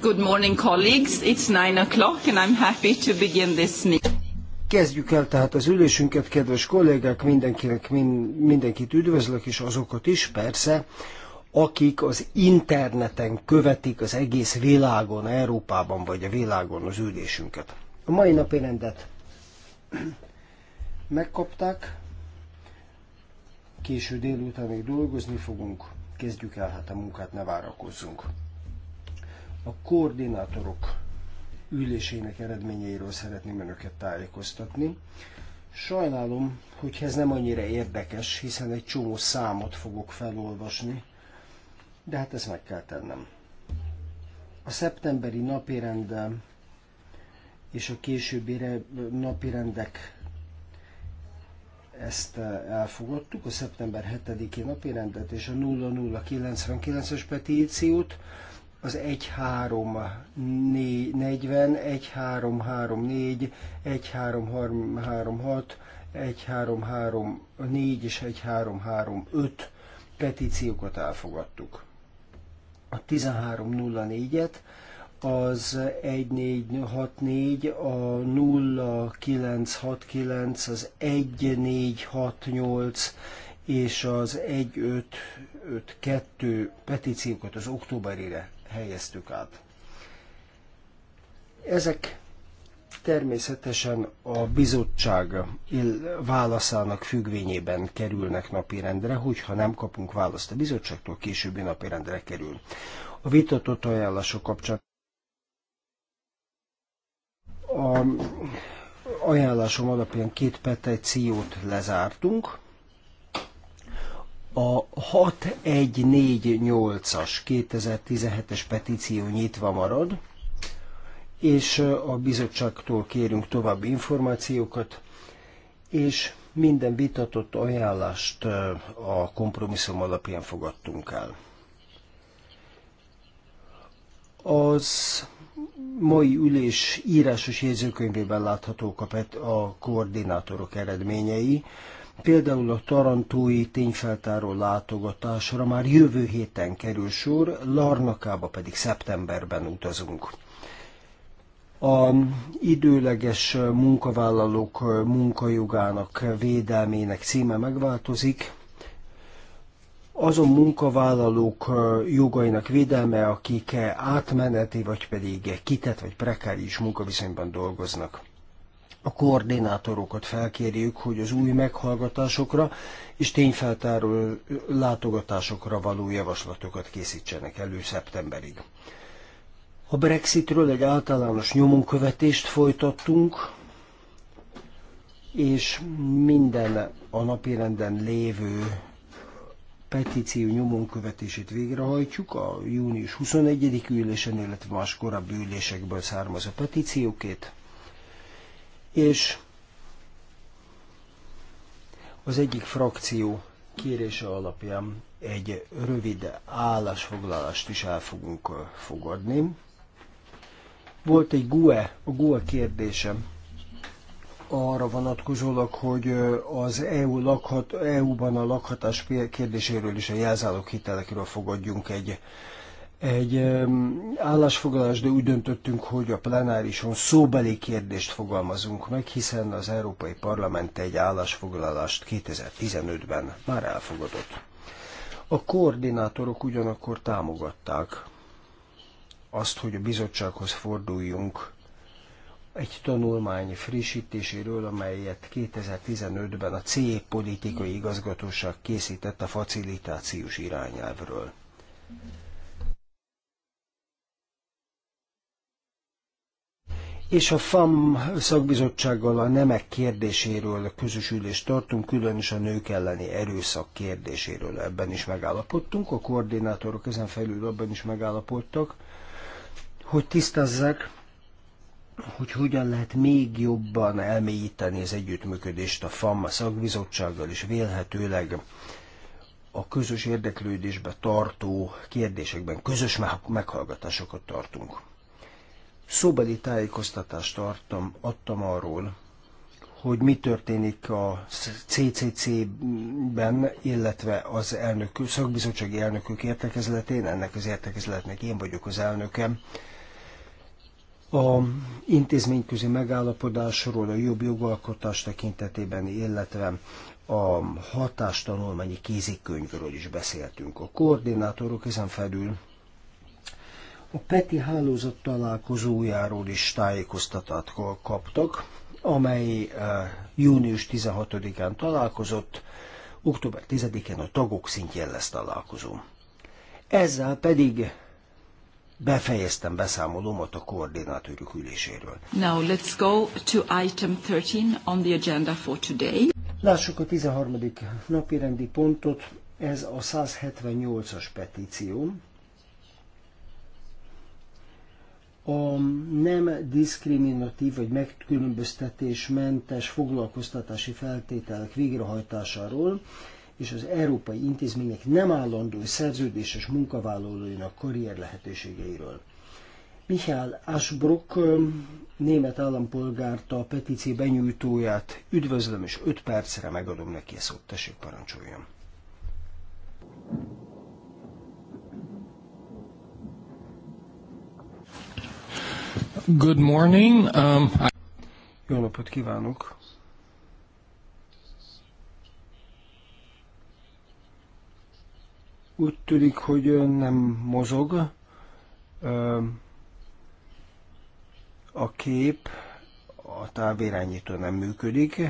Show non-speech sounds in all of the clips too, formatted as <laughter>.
Good morning, colleagues. It's nine o'clock, and I'm happy to begin this meeting. Kezdjük el tehát az ülésünket, kedves kollégák, mindenkinek, min, mindenkit üdvözlök, és azokat is persze, akik az interneten követik az egész világon, Európában vagy a világon az ülésünket. A mai napi rendet megkapták, késő délután még dolgozni fogunk, kezdjük el hát a munkát, ne várakozzunk. A koordinátorok ülésének eredményeiről szeretném önöket tájékoztatni. Sajnálom, hogy ez nem annyira érdekes, hiszen egy csomó számot fogok felolvasni, de hát ezt meg kell tennem. A szeptemberi napirend és a későbbi napirendek ezt eh, elfogadtuk, a szeptember 7-i napi rendet és a 0099-es petíciót, az 1340, 1334, 1336, 1334 és 1335 petíciókat elfogadtuk. A 1304-et az 1464, a 0969, az 1468 és az 1552 petíciókat az októberire helyeztük át. Ezek természetesen a bizottság válaszának függvényében kerülnek napirendre, hogyha nem kapunk választ a bizottságtól, későbbi napirendre kerül. A vitatott ajánlások kapcsán a ajánlásom alapján két petíciót lezártunk. A 6148-as 2017-es petíció nyitva marad, és a bizottságtól kérünk további információkat, és minden vitatott ajánlást a kompromisszum alapján fogadtunk el. Az mai ülés írásos jegyzőkönyvében láthatók a, pet, a koordinátorok eredményei. Például a tarantói tényfeltáró látogatásra már jövő héten kerül sor, Larnakába pedig szeptemberben utazunk. A időleges munkavállalók munkajogának védelmének címe megváltozik, azon munkavállalók jogainak védelme, akik e, átmeneti, vagy pedig e, kitett, vagy prekáris munkaviszonyban dolgoznak. A koordinátorokat felkérjük, hogy az új meghallgatásokra és tényfeltáró látogatásokra való javaslatokat készítsenek elő szeptemberig. A Brexitről egy általános nyomonkövetést folytattunk, és minden a napirenden lévő petíció nyomon követését végrehajtjuk a június 21. ülésen, illetve más korábbi ülésekből származó petíciókét, és az egyik frakció kérése alapján egy rövid állásfoglalást is el fogunk fogadni. Volt egy GUE, a GUE kérdésem, arra vonatkozólag, hogy az EU lakhat, EU-ban a lakhatás kérdéséről és a jelzálók hitelekről fogadjunk egy, egy állásfoglalást, de úgy döntöttünk, hogy a plenárison szóbeli kérdést fogalmazunk meg, hiszen az Európai Parlament egy állásfoglalást 2015-ben már elfogadott. A koordinátorok ugyanakkor támogatták azt, hogy a bizottsághoz forduljunk egy tanulmány frissítéséről, amelyet 2015-ben a C politikai igazgatóság készített a facilitációs irányelvről. És a FAM szakbizottsággal a nemek kérdéséről a ülést tartunk, különös a nők elleni erőszak kérdéséről ebben is megállapodtunk, a koordinátorok ezen felül abban is megállapodtak, hogy tisztázzák, hogy hogyan lehet még jobban elmélyíteni az együttműködést a FAM a szakbizottsággal, és vélhetőleg a közös érdeklődésbe tartó kérdésekben közös meghallgatásokat tartunk. Szóbeli tájékoztatást tartom adtam arról, hogy mi történik a CCC-ben, illetve az elnök, szakbizottsági elnökök értekezletén, ennek az értekezletnek én vagyok az elnökem, a intézményközi megállapodásról a jobb jogalkotás tekintetében, illetve a hatástanulmányi kézikönyvről is beszéltünk. A koordinátorok ezen felül a PETI hálózat találkozójáról is tájékoztatát kaptak, amely eh, június 16-án találkozott, október 10-én a tagok szintjén lesz találkozó. Ezzel pedig Befejeztem beszámolómat a koordinátorok üléséről. Now let's go to item 13 on the agenda for today. Lássuk a 13. napi rendi pontot, ez a 178-as petíció. A nem diszkriminatív vagy megkülönböztetésmentes foglalkoztatási feltételek végrehajtásáról és az európai intézmények nem állandó szerződéses munkavállalóinak karrier lehetőségeiről. Michael Ashbrook, német állampolgárt a petíció benyújtóját üdvözlöm, és 5 percre megadom neki a szót. Tessék, parancsoljon! Good morning. Um, I... Jó napot kívánok! Úgy tűnik, hogy nem mozog a kép, a távirányító nem működik.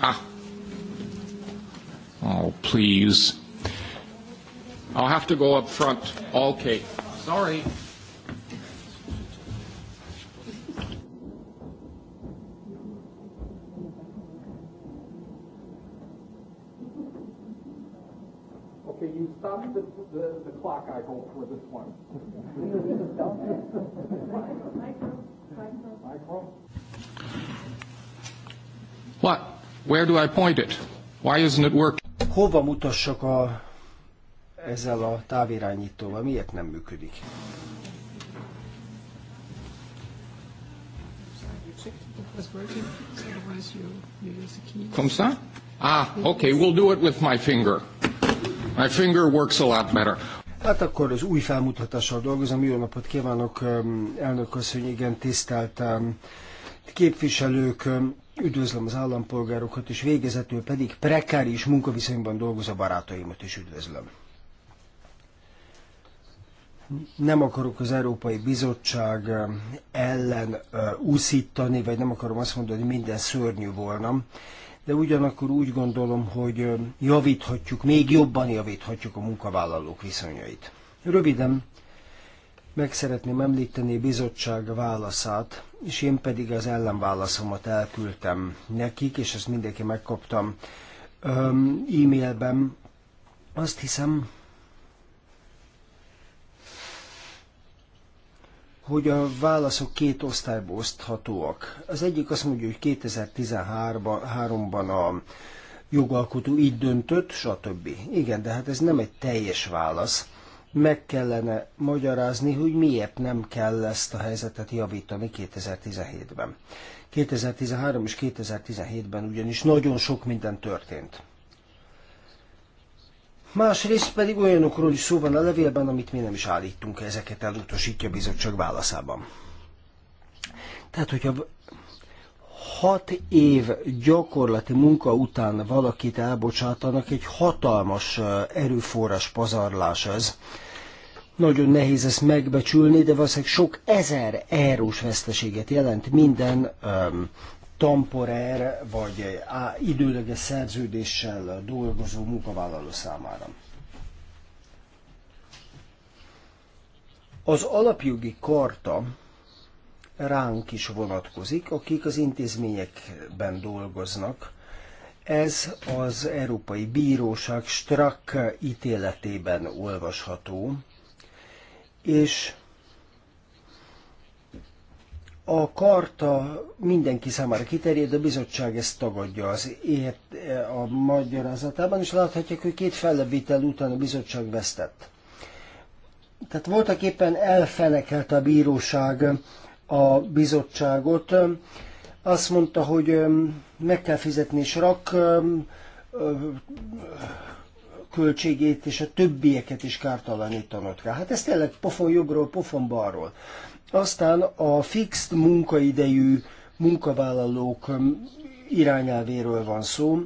Ah. Oh, please. I'll have to go up front. Okay. Sorry. you stopped the, the, the clock, I hope, for this one. Micro. What? Where do I point it? Why isn't it working? Hova mutassak a, ezzel a távirányítóval? Miért nem működik? Comme ça? Ah, okay, we'll do it with my finger. My finger works a lot better. Hát akkor az új felmutatással dolgozom. Jó napot kívánok, um, elnök asszony, igen, tisztelt um, képviselők, um, üdvözlöm az állampolgárokat, és végezetül pedig prekáris munkaviszonyban dolgozó barátaimat is üdvözlöm. Nem akarok az Európai Bizottság ellen uh, úszítani, vagy nem akarom azt mondani, hogy minden szörnyű volna, de ugyanakkor úgy gondolom, hogy javíthatjuk, még jobban javíthatjuk a munkavállalók viszonyait. Röviden meg szeretném említeni a bizottság válaszát, és én pedig az ellenválaszomat elküldtem nekik, és ezt mindenki megkaptam e-mailben. Azt hiszem, hogy a válaszok két osztályba oszthatóak. Az egyik azt mondja, hogy 2013-ban a jogalkotó így döntött, stb. Igen, de hát ez nem egy teljes válasz. Meg kellene magyarázni, hogy miért nem kell ezt a helyzetet javítani 2017-ben. 2013 és 2017-ben ugyanis nagyon sok minden történt. Másrészt pedig olyanokról is szó van a levélben, amit mi nem is állítunk, ezeket elutasítja a bizottság válaszában. Tehát, hogyha hat év gyakorlati munka után valakit elbocsátanak, egy hatalmas erőforrás pazarlás ez. Nagyon nehéz ezt megbecsülni, de valószínűleg sok ezer eurós veszteséget jelent minden um, temporer vagy időleges szerződéssel dolgozó munkavállaló számára. Az alapjogi karta ránk is vonatkozik, akik az intézményekben dolgoznak. Ez az Európai Bíróság Strack ítéletében olvasható, és a karta mindenki számára kiterjed, a bizottság ezt tagadja az ért a magyarázatában, és láthatják, hogy két fellebbítel után a bizottság vesztett. Tehát voltak éppen elfenekelte a bíróság a bizottságot. Azt mondta, hogy meg kell fizetni rak költségét, és a többieket is kártalanítanod kell. Hát ez tényleg pofon jobbról, pofon balról. Aztán a fixed munkaidejű munkavállalók um, irányelvéről van szó,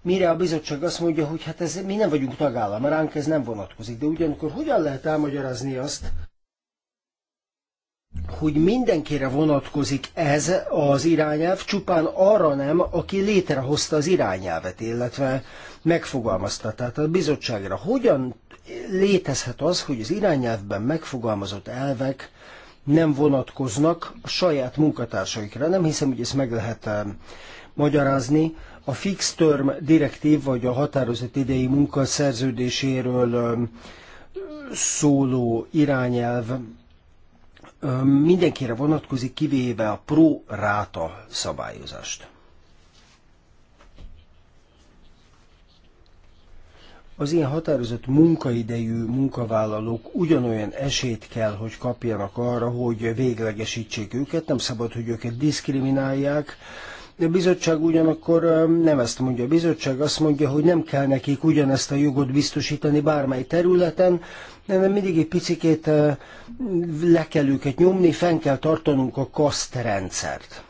mire a bizottság azt mondja, hogy hát ez, mi nem vagyunk tagállam, ránk ez nem vonatkozik. De ugyanakkor hogyan lehet elmagyarázni azt, hogy mindenkire vonatkozik ez az irányelv, csupán arra nem, aki létrehozta az irányelvet, illetve megfogalmazta. Tehát a bizottságra hogyan létezhet az, hogy az irányelvben megfogalmazott elvek nem vonatkoznak a saját munkatársaikra. Nem hiszem, hogy ezt meg lehet eh, magyarázni. A fix term direktív, vagy a határozott idei munkaszerződéséről eh, szóló irányelv eh, mindenkire vonatkozik, kivéve a pro ráta szabályozást. az ilyen határozott munkaidejű munkavállalók ugyanolyan esélyt kell, hogy kapjanak arra, hogy véglegesítsék őket, nem szabad, hogy őket diszkriminálják, a bizottság ugyanakkor um, nem ezt mondja. A bizottság azt mondja, hogy nem kell nekik ugyanezt a jogot biztosítani bármely területen, hanem mindig egy picikét uh, le kell őket nyomni, fenn kell tartanunk a kasztrendszert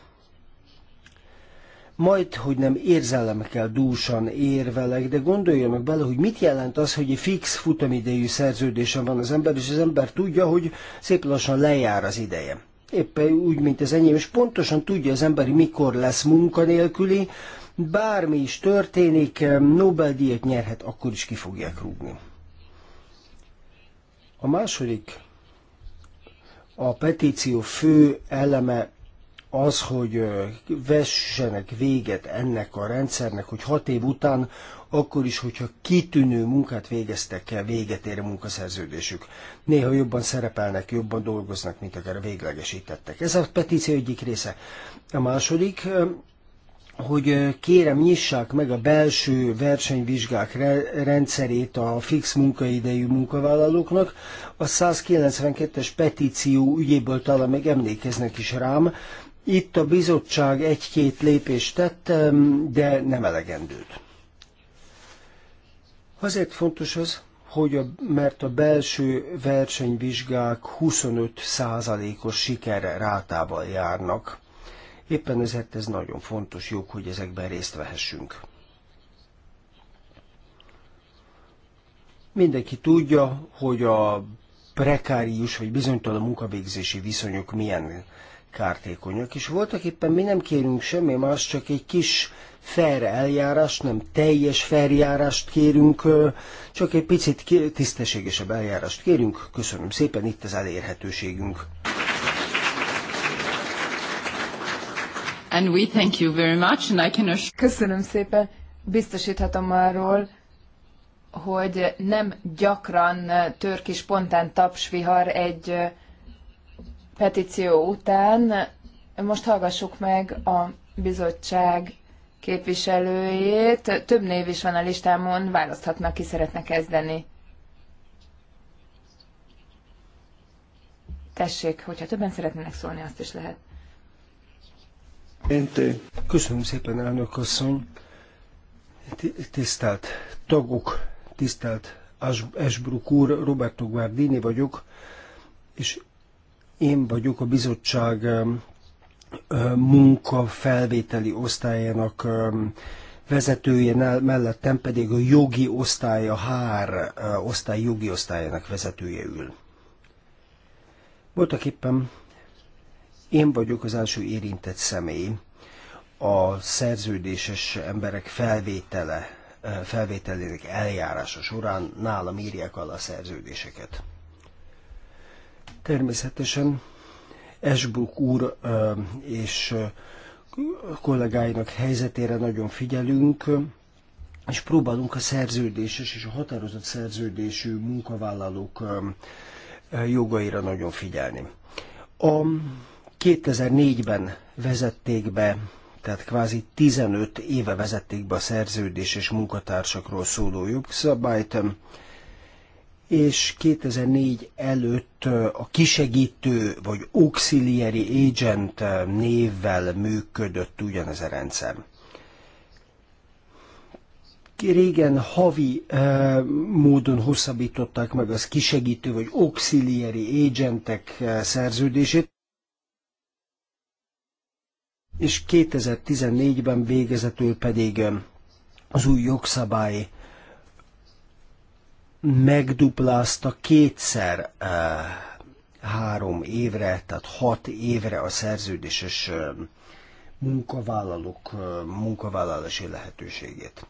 majd, hogy nem érzelemekkel dúsan érvelek, de gondoljanak bele, hogy mit jelent az, hogy egy fix futamidejű szerződésen van az ember, és az ember tudja, hogy szép lassan lejár az ideje. Éppen úgy, mint az enyém, és pontosan tudja az ember, mikor lesz munkanélküli, bármi is történik, Nobel-díjat nyerhet, akkor is ki fogják rúgni. A második, a petíció fő eleme az, hogy vessenek véget ennek a rendszernek, hogy hat év után, akkor is, hogyha kitűnő munkát végeztek el, véget ér a munkaszerződésük. Néha jobban szerepelnek, jobban dolgoznak, mint akár véglegesítettek. Ez a petíció egyik része. A második, hogy kérem nyissák meg a belső versenyvizsgák rendszerét a fix munkaidejű munkavállalóknak. A 192-es petíció ügyéből talán még emlékeznek is rám, itt a bizottság egy-két lépést tett, de nem elegendőt. Azért fontos az, hogy a, mert a belső versenyvizsgák 25%-os sikerre rátával járnak. Éppen ezért ez nagyon fontos jó, hogy ezekben részt vehessünk. Mindenki tudja, hogy a prekárius vagy bizonytalan munkavégzési viszonyok milyen kártékonyak, és voltak éppen mi nem kérünk semmi más, csak egy kis fair eljárást, nem teljes feljárást kérünk, csak egy picit tisztességesebb eljárást kérünk. Köszönöm szépen, itt az elérhetőségünk. And we thank you very much, and I can Köszönöm szépen, biztosíthatom arról, hogy nem gyakran tör ki spontán tapsvihar egy petíció után. Most hallgassuk meg a bizottság képviselőjét. Több név is van a listámon, választhatnak, ki szeretne kezdeni. Tessék, hogyha többen szeretnének szólni, azt is lehet. Köszönöm szépen, elnök asszony. Tisztelt tagok, tisztelt Esbruk úr, Roberto Guardini vagyok, és én vagyok a bizottság munkafelvételi osztályának vezetője, mellettem pedig a jogi osztály, a HR osztály jogi osztályának vezetője ül. Voltak éppen én vagyok az első érintett személy a szerződéses emberek felvétele, felvételének eljárása során nálam írják alá a szerződéseket. Természetesen Esbuk úr és kollégáinak helyzetére nagyon figyelünk, és próbálunk a szerződéses és a határozott szerződésű munkavállalók jogaira nagyon figyelni. A 2004-ben vezették be, tehát kvázi 15 éve vezették be a szerződés és munkatársakról szóló jogszabályt, és 2004 előtt a kisegítő vagy auxiliary agent névvel működött ugyanez a rendszer. Régen havi e, módon hosszabbították meg az kisegítő vagy auxiliary agentek szerződését, és 2014-ben végezetül pedig az új jogszabály megduplázta kétszer eh, három évre, tehát hat évre a szerződéses eh, munkavállalók eh, munkavállalási lehetőségét.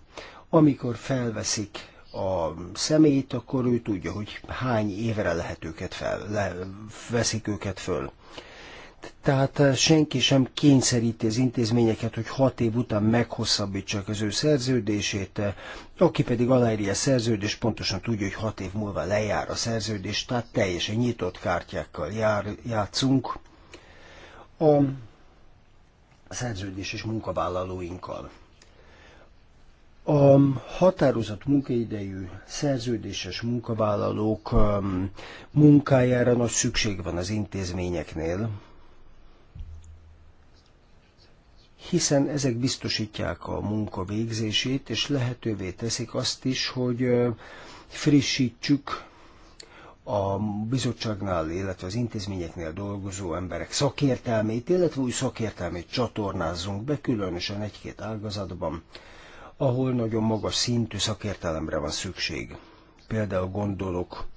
Amikor felveszik a személyt, akkor ő tudja, hogy hány évre lehet őket fel, le, veszik őket föl tehát eh, senki sem kényszeríti az intézményeket, hogy hat év után meghosszabbítsák az ő szerződését, eh, aki pedig aláírja a szerződés, pontosan tudja, hogy hat év múlva lejár a szerződés, tehát teljesen nyitott kártyákkal jár, játszunk a szerződéses munkavállalóinkkal. A határozott munkaidejű szerződéses munkavállalók eh, munkájára nagy szükség van az intézményeknél, hiszen ezek biztosítják a munka végzését, és lehetővé teszik azt is, hogy frissítsük a bizottságnál, illetve az intézményeknél dolgozó emberek szakértelmét, illetve új szakértelmét csatornázzunk be, különösen egy-két ágazatban, ahol nagyon magas szintű szakértelemre van szükség. Például gondolok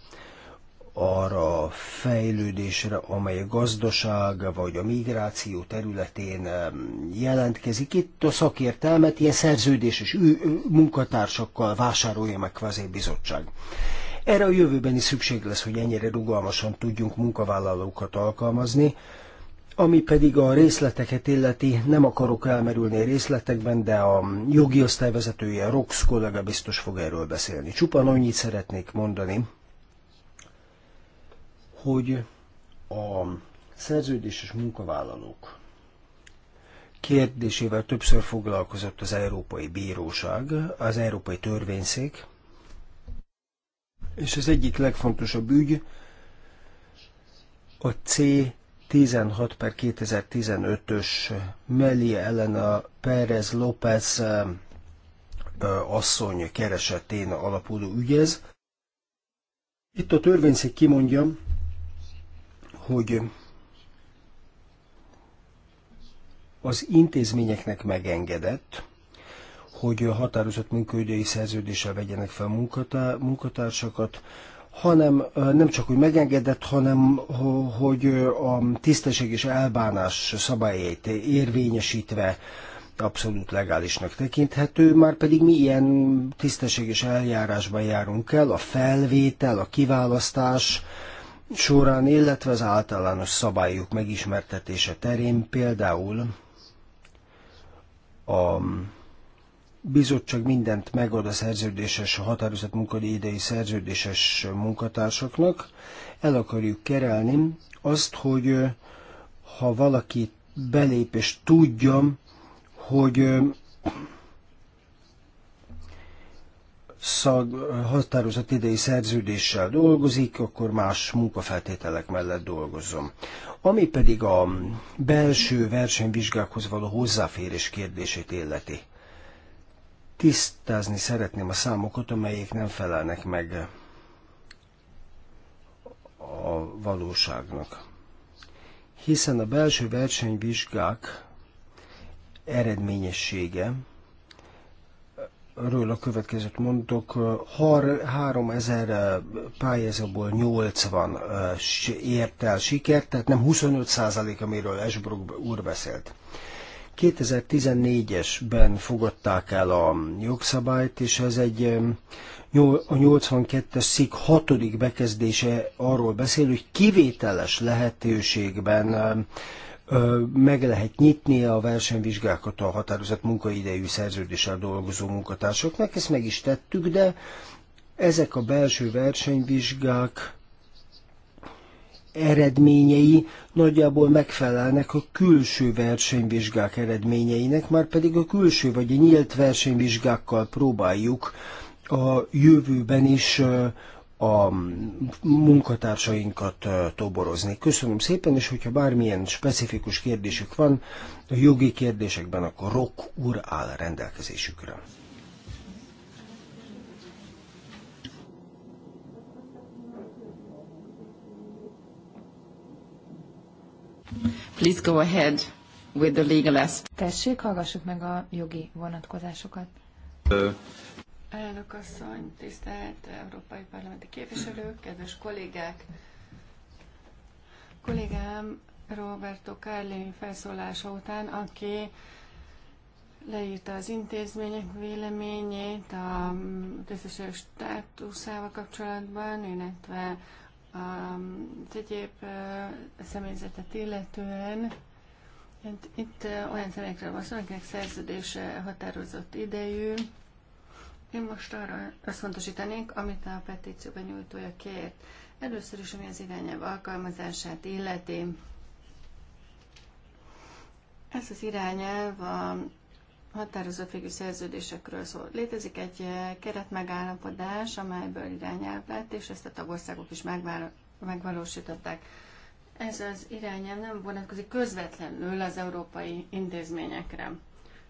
arra a fejlődésre, amely a gazdaság vagy a migráció területén jelentkezik. Itt a szakértelmet ilyen szerződéses munkatársakkal vásárolja meg kvázi bizottság. Erre a jövőben is szükség lesz, hogy ennyire rugalmasan tudjunk munkavállalókat alkalmazni, ami pedig a részleteket illeti, nem akarok elmerülni a részletekben, de a jogi osztályvezetője, Rox kollega biztos fog erről beszélni. Csupán annyit szeretnék mondani, hogy a szerződéses munkavállalók kérdésével többször foglalkozott az Európai Bíróság, az Európai Törvényszék, és az egyik legfontosabb ügy a C16 per 2015-ös ellen a Pérez López asszony keresetén alapuló ügyez. Itt a törvényszék kimondja, hogy az intézményeknek megengedett, hogy a határozott munkaügyi szerződéssel vegyenek fel munkatársakat, hanem nem csak úgy megengedett, hanem hogy a tisztességes elbánás szabályait érvényesítve abszolút legálisnak tekinthető, már pedig mi ilyen tisztességes eljárásban járunk el, a felvétel, a kiválasztás, során, illetve az általános szabályok megismertetése terén például a bizottság mindent megad a szerződéses, a határozott munkaidei szerződéses munkatársaknak. El akarjuk kerelni azt, hogy ha valaki belép és tudja, hogy szag, határozott idei szerződéssel dolgozik, akkor más munkafeltételek mellett dolgozom. Ami pedig a belső versenyvizsgákhoz való hozzáférés kérdését illeti. Tisztázni szeretném a számokat, amelyek nem felelnek meg a valóságnak. Hiszen a belső versenyvizsgák eredményessége ről a következőt mondok. Har, 3000 pályázóból 80 ért el sikert, tehát nem 25 százalék, amiről Esbrook úr beszélt. 2014-esben fogadták el a jogszabályt, és ez egy eh, a 82-es szik hatodik bekezdése arról beszél, hogy kivételes lehetőségben eh, meg lehet nyitni a versenyvizsgákat a határozott munkaidejű szerződéssel dolgozó munkatársoknak, ezt meg is tettük, de ezek a belső versenyvizsgák eredményei nagyjából megfelelnek a külső versenyvizsgák eredményeinek, már pedig a külső vagy a nyílt versenyvizsgákkal próbáljuk a jövőben is a munkatársainkat toborozni. Köszönöm szépen, és hogyha bármilyen specifikus kérdésük van a jogi kérdésekben, akkor Rock úr áll rendelkezésükre. Please go ahead with the legal aspect. Tessék, hallgassuk meg a jogi vonatkozásokat. Uh. Elnök asszony, tisztelt európai parlamenti képviselők, kedves kollégák! Kollégám Roberto Carlin felszólása után, aki leírta az intézmények véleményét a tisztviselő státuszával kapcsolatban, illetve az egyéb személyzetet illetően. Itt olyan személyekről van szó, akinek szerződése határozott idejű, én most arra összpontosítanék, amit a petícióban nyújtója kért. Először is, ami az irányelv alkalmazását illeti. Ez az irányelv a határozott végű szerződésekről szól. Létezik egy eh, keretmegállapodás, amelyből irányelv lett, és ezt a tagországok is megvalósították. Ez az irányelv nem vonatkozik közvetlenül az európai intézményekre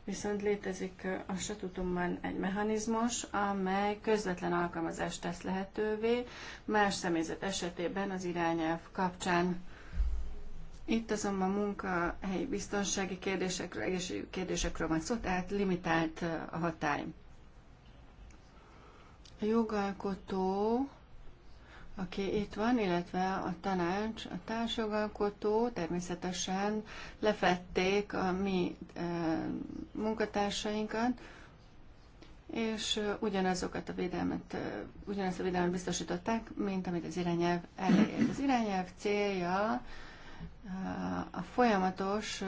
viszont létezik a statutumban egy mechanizmus, amely közvetlen alkalmazást tesz lehetővé más személyzet esetében az irányelv kapcsán. Itt azonban munkahelyi biztonsági kérdésekről, egészségügyi kérdésekről van szó, tehát limitált a hatály. A jogalkotó aki itt van, illetve a tanács, a társjogalkotó természetesen lefették a mi e, munkatársainkat, és e, ugyanazokat a védelmet, e, ugyanazt a védelmet biztosították, mint amit az irányelv elér. Az irányelv célja a folyamatos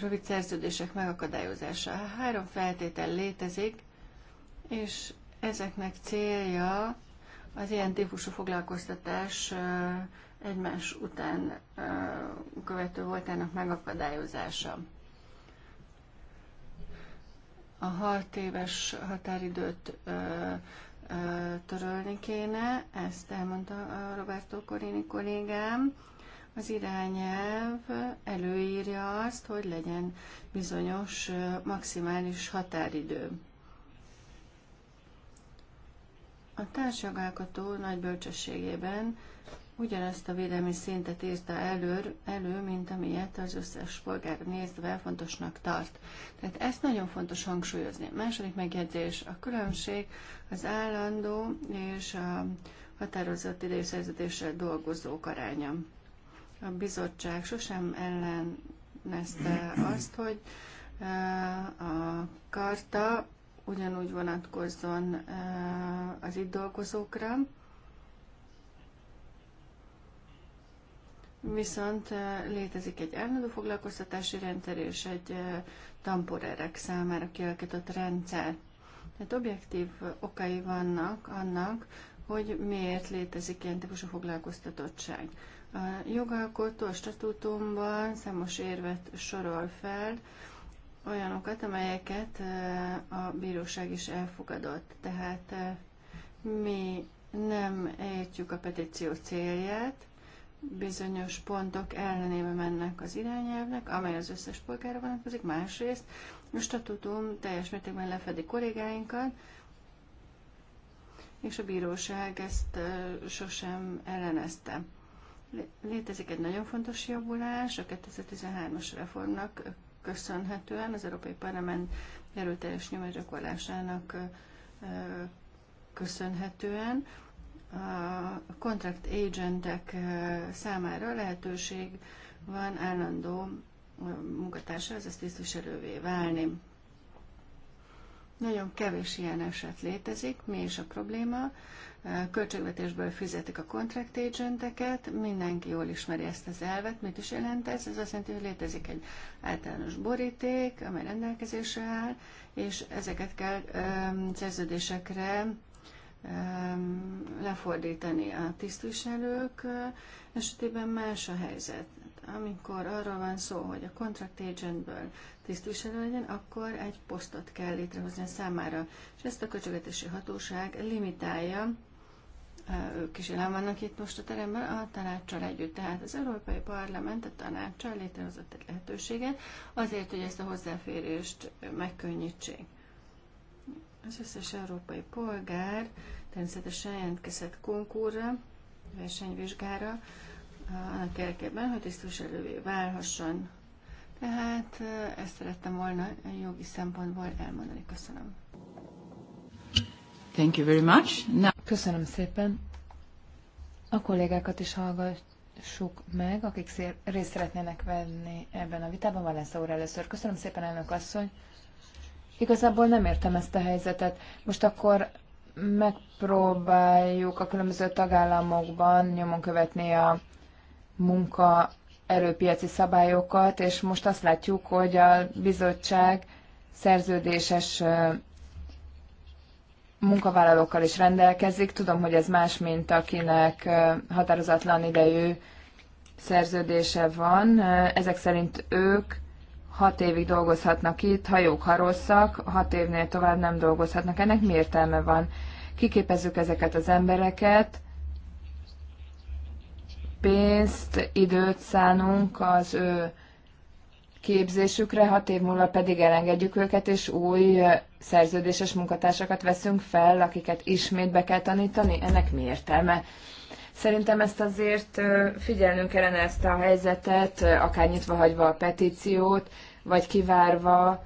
rövid szerződések megakadályozása. Három feltétel létezik, és ezeknek célja az ilyen típusú foglalkoztatás egymás után követő voltának megakadályozása. A hat éves határidőt törölni kéne, ezt elmondta a Roberto Corini kollégám. Az irányelv előírja azt, hogy legyen bizonyos maximális határidő. A társjogalkotó nagy bölcsességében ugyanazt a védelmi szintet írta elő, elő, mint amilyet az összes polgár nézve fontosnak tart. Tehát ezt nagyon fontos hangsúlyozni. Második megjegyzés, a különbség az állandó és a határozott időszerződéssel dolgozók aránya. A bizottság sosem ellenezte azt, hogy eh, a karta ugyanúgy vonatkozzon e, az itt dolgozókra. Viszont e, létezik egy állandó foglalkoztatási rendszer és egy e, tamporerek számára kialakított rendszer. Tehát objektív okai vannak annak, hogy miért létezik ilyen típusú foglalkoztatottság. A jogalkotó a statútumban számos érvet sorol fel, olyanokat, amelyeket a bíróság is elfogadott. Tehát mi nem értjük a petíció célját, bizonyos pontok ellenébe mennek az irányelvnek, amely az összes polgára vonatkozik, másrészt a statutum teljes mértékben lefedi kollégáinkat, és a bíróság ezt sosem ellenezte. Létezik egy nagyon fontos javulás a 2013-as reformnak köszönhetően az Európai Parlament erőteljes nyomásgyakorlásának köszönhetően a contract agentek számára lehetőség van állandó munkatársa, azaz tisztviselővé válni. Nagyon kevés ilyen eset létezik. Mi is a probléma? költségvetésből fizetik a contract agenteket, mindenki jól ismeri ezt az elvet, mit is jelent ez, ez azt jelenti, hogy létezik egy általános boríték, amely rendelkezésre áll, és ezeket kell um, szerződésekre um, lefordítani a tisztviselők esetében más a helyzet. Amikor arról van szó, hogy a contract agentből tisztviselő legyen, akkor egy posztot kell létrehozni a számára, és ezt a költségvetési hatóság limitálja ők is jelen vannak itt most a teremben, a tanácssal együtt. Tehát az Európai Parlament a tanácssal létrehozott egy lehetőséget azért, hogy ezt a hozzáférést megkönnyítsék. Az összes európai polgár természetesen jelentkezett konkurra, versenyvizsgára, annak érdekében, hogy tisztviselővé válhasson. Tehát ezt szerettem volna jogi szempontból elmondani. Köszönöm. Thank you very much. Now Köszönöm szépen. A kollégákat is hallgassuk meg, akik részt szeretnének venni ebben a vitában. Valensza úr először. Köszönöm szépen, elnök asszony. Igazából nem értem ezt a helyzetet. Most akkor megpróbáljuk a különböző tagállamokban nyomon követni a munka erőpiaci szabályokat, és most azt látjuk, hogy a bizottság szerződéses munkavállalókkal is rendelkezik. Tudom, hogy ez más, mint akinek határozatlan idejű szerződése van. Ezek szerint ők hat évig dolgozhatnak itt, ha jók, ha rosszak, hat évnél tovább nem dolgozhatnak. Ennek mi értelme van? Kiképezzük ezeket az embereket, pénzt, időt szánunk az ő képzésükre, hat év múlva pedig elengedjük őket, és új szerződéses munkatársakat veszünk fel, akiket ismét be kell tanítani. Ennek mi értelme? Szerintem ezt azért figyelnünk kellene ezt a helyzetet, akár nyitva hagyva a petíciót, vagy kivárva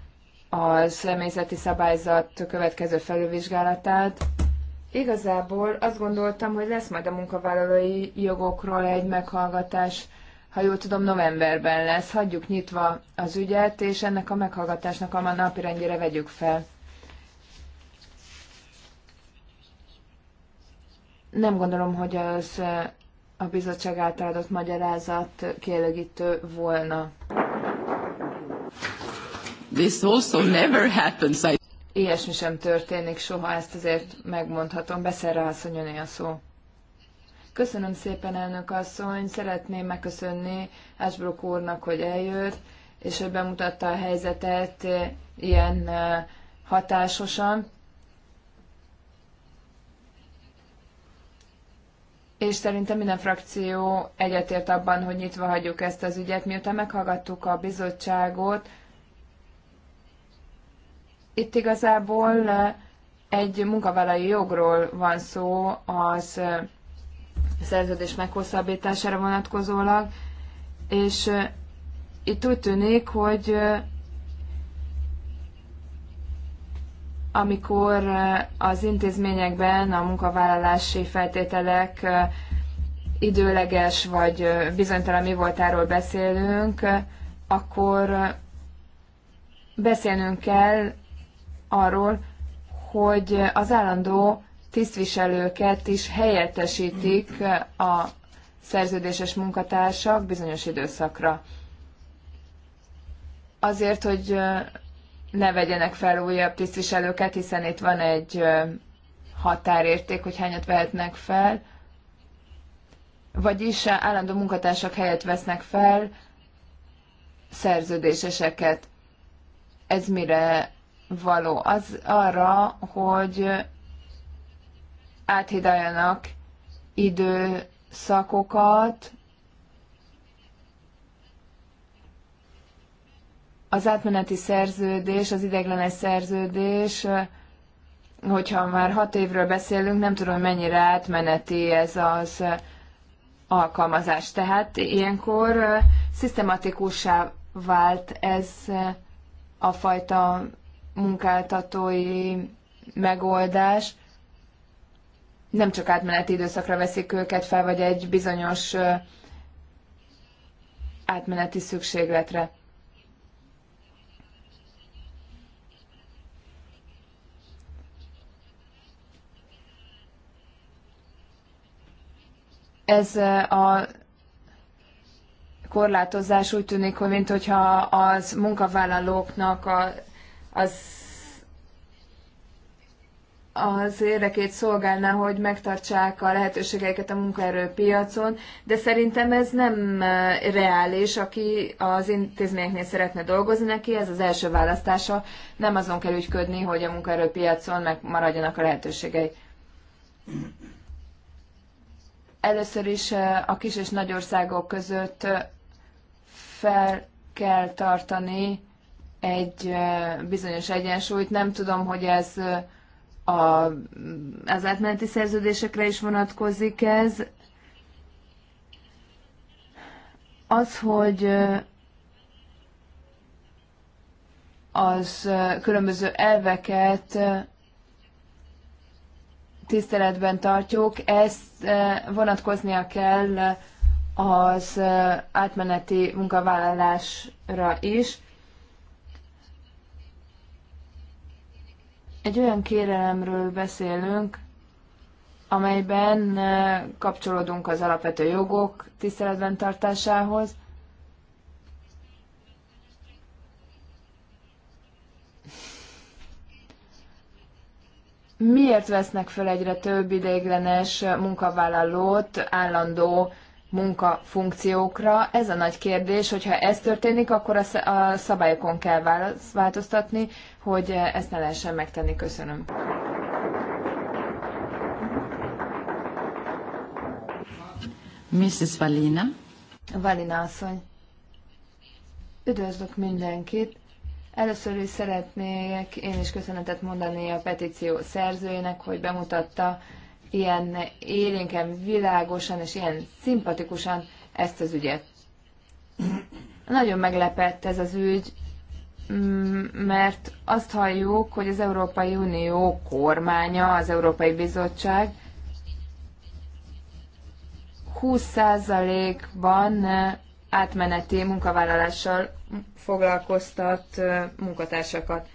a személyzeti szabályzat következő felülvizsgálatát. Igazából azt gondoltam, hogy lesz majd a munkavállalói jogokról egy meghallgatás ha jól tudom, novemberben lesz. Hagyjuk nyitva az ügyet, és ennek a meghallgatásnak a napirendjére vegyük fel. Nem gondolom, hogy az eh, a bizottság által adott magyarázat kielégítő volna. This also never happens. I... Ilyesmi sem történik soha, ezt azért megmondhatom. Beszerre asszonyon a szó. Köszönöm szépen, elnök asszony. Szeretném megköszönni Ásbrok úrnak, hogy eljött, és hogy bemutatta a helyzetet ilyen hatásosan. És szerintem minden frakció egyetért abban, hogy nyitva hagyjuk ezt az ügyet. Miután meghallgattuk a bizottságot, itt igazából egy munkavállalói jogról van szó az szerződés meghosszabbítására vonatkozólag, és itt úgy tűnik, hogy amikor az intézményekben a munkavállalási feltételek időleges vagy bizonytalan mi voltáról beszélünk, akkor beszélnünk kell arról, hogy az állandó tisztviselőket is helyettesítik a szerződéses munkatársak bizonyos időszakra. Azért, hogy ne vegyenek fel újabb tisztviselőket, hiszen itt van egy határérték, hogy hányat vehetnek fel, vagyis állandó munkatársak helyett vesznek fel szerződéseseket. Ez mire való? Az arra, hogy áthidaljanak időszakokat, az átmeneti szerződés, az ideiglenes szerződés, hogyha már hat évről beszélünk, nem tudom, mennyire átmeneti ez az alkalmazás. Tehát ilyenkor szisztematikussá vált ez a fajta munkáltatói megoldás, nem csak átmeneti időszakra veszik őket fel, vagy egy bizonyos átmeneti szükségletre. Ez a korlátozás úgy tűnik, hogy mintha hogyha az munkavállalóknak a, az az érdekét szolgálná, hogy megtartsák a lehetőségeiket a munkaerőpiacon, de szerintem ez nem e, reális, aki az intézményeknél szeretne dolgozni neki, ez az első választása, nem azon kell ügyködni, hogy a munkaerőpiacon megmaradjanak a lehetőségei. Először is e, a kis és nagy országok között e, fel kell tartani egy bizonyos egyensúlyt. Nem tudom, hogy ez a, az átmeneti szerződésekre is vonatkozik ez. Az, hogy az különböző elveket tiszteletben tartjuk, ezt vonatkoznia kell az átmeneti munkavállalásra is. Egy olyan kérelemről beszélünk, amelyben eh, kapcsolódunk az alapvető jogok tiszteletben tartásához. Miért vesznek fel egyre több ideiglenes munkavállalót állandó munkafunkciókra. Ez a nagy kérdés, hogyha ez történik, akkor a szabályokon kell változtatni, hogy eh, ezt ne lehessen megtenni. Köszönöm. Mrs. Valina. Valina asszony. Üdvözlök mindenkit. Először is szeretnék én is köszönetet mondani a petíció szerzőjének, hogy bemutatta ilyen élénken, világosan és ilyen szimpatikusan ezt az ügyet. Nagyon meglepett ez az ügy, mm, mert azt halljuk, hogy az Európai Unió kormánya, az Európai Bizottság 20%-ban átmeneti munkavállalással foglalkoztat munkatársakat.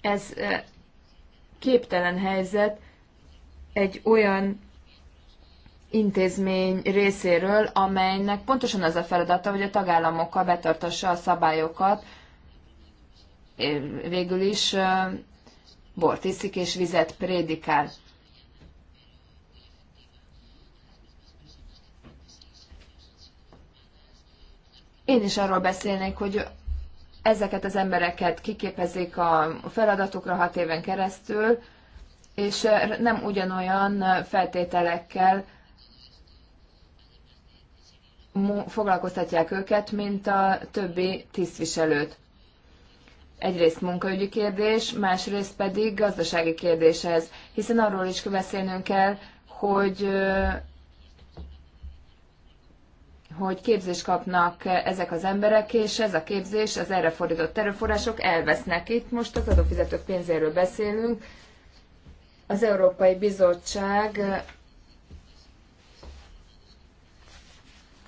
Ez képtelen helyzet, egy olyan intézmény részéről, amelynek pontosan az a feladata, hogy a tagállamokkal betartassa a szabályokat, végül is bort iszik és vizet prédikál. Én is arról beszélnék, hogy ezeket az embereket kiképezik a feladatukra hat éven keresztül, és nem ugyanolyan feltételekkel foglalkoztatják őket, mint a többi tisztviselőt. Egyrészt munkaügyi kérdés, másrészt pedig gazdasági kérdés ez, hiszen arról is beszélnünk kell, hogy hogy képzést kapnak ezek az emberek, és ez a képzés, az erre fordított erőforrások elvesznek. Itt most az adófizetők pénzéről beszélünk, az Európai Bizottság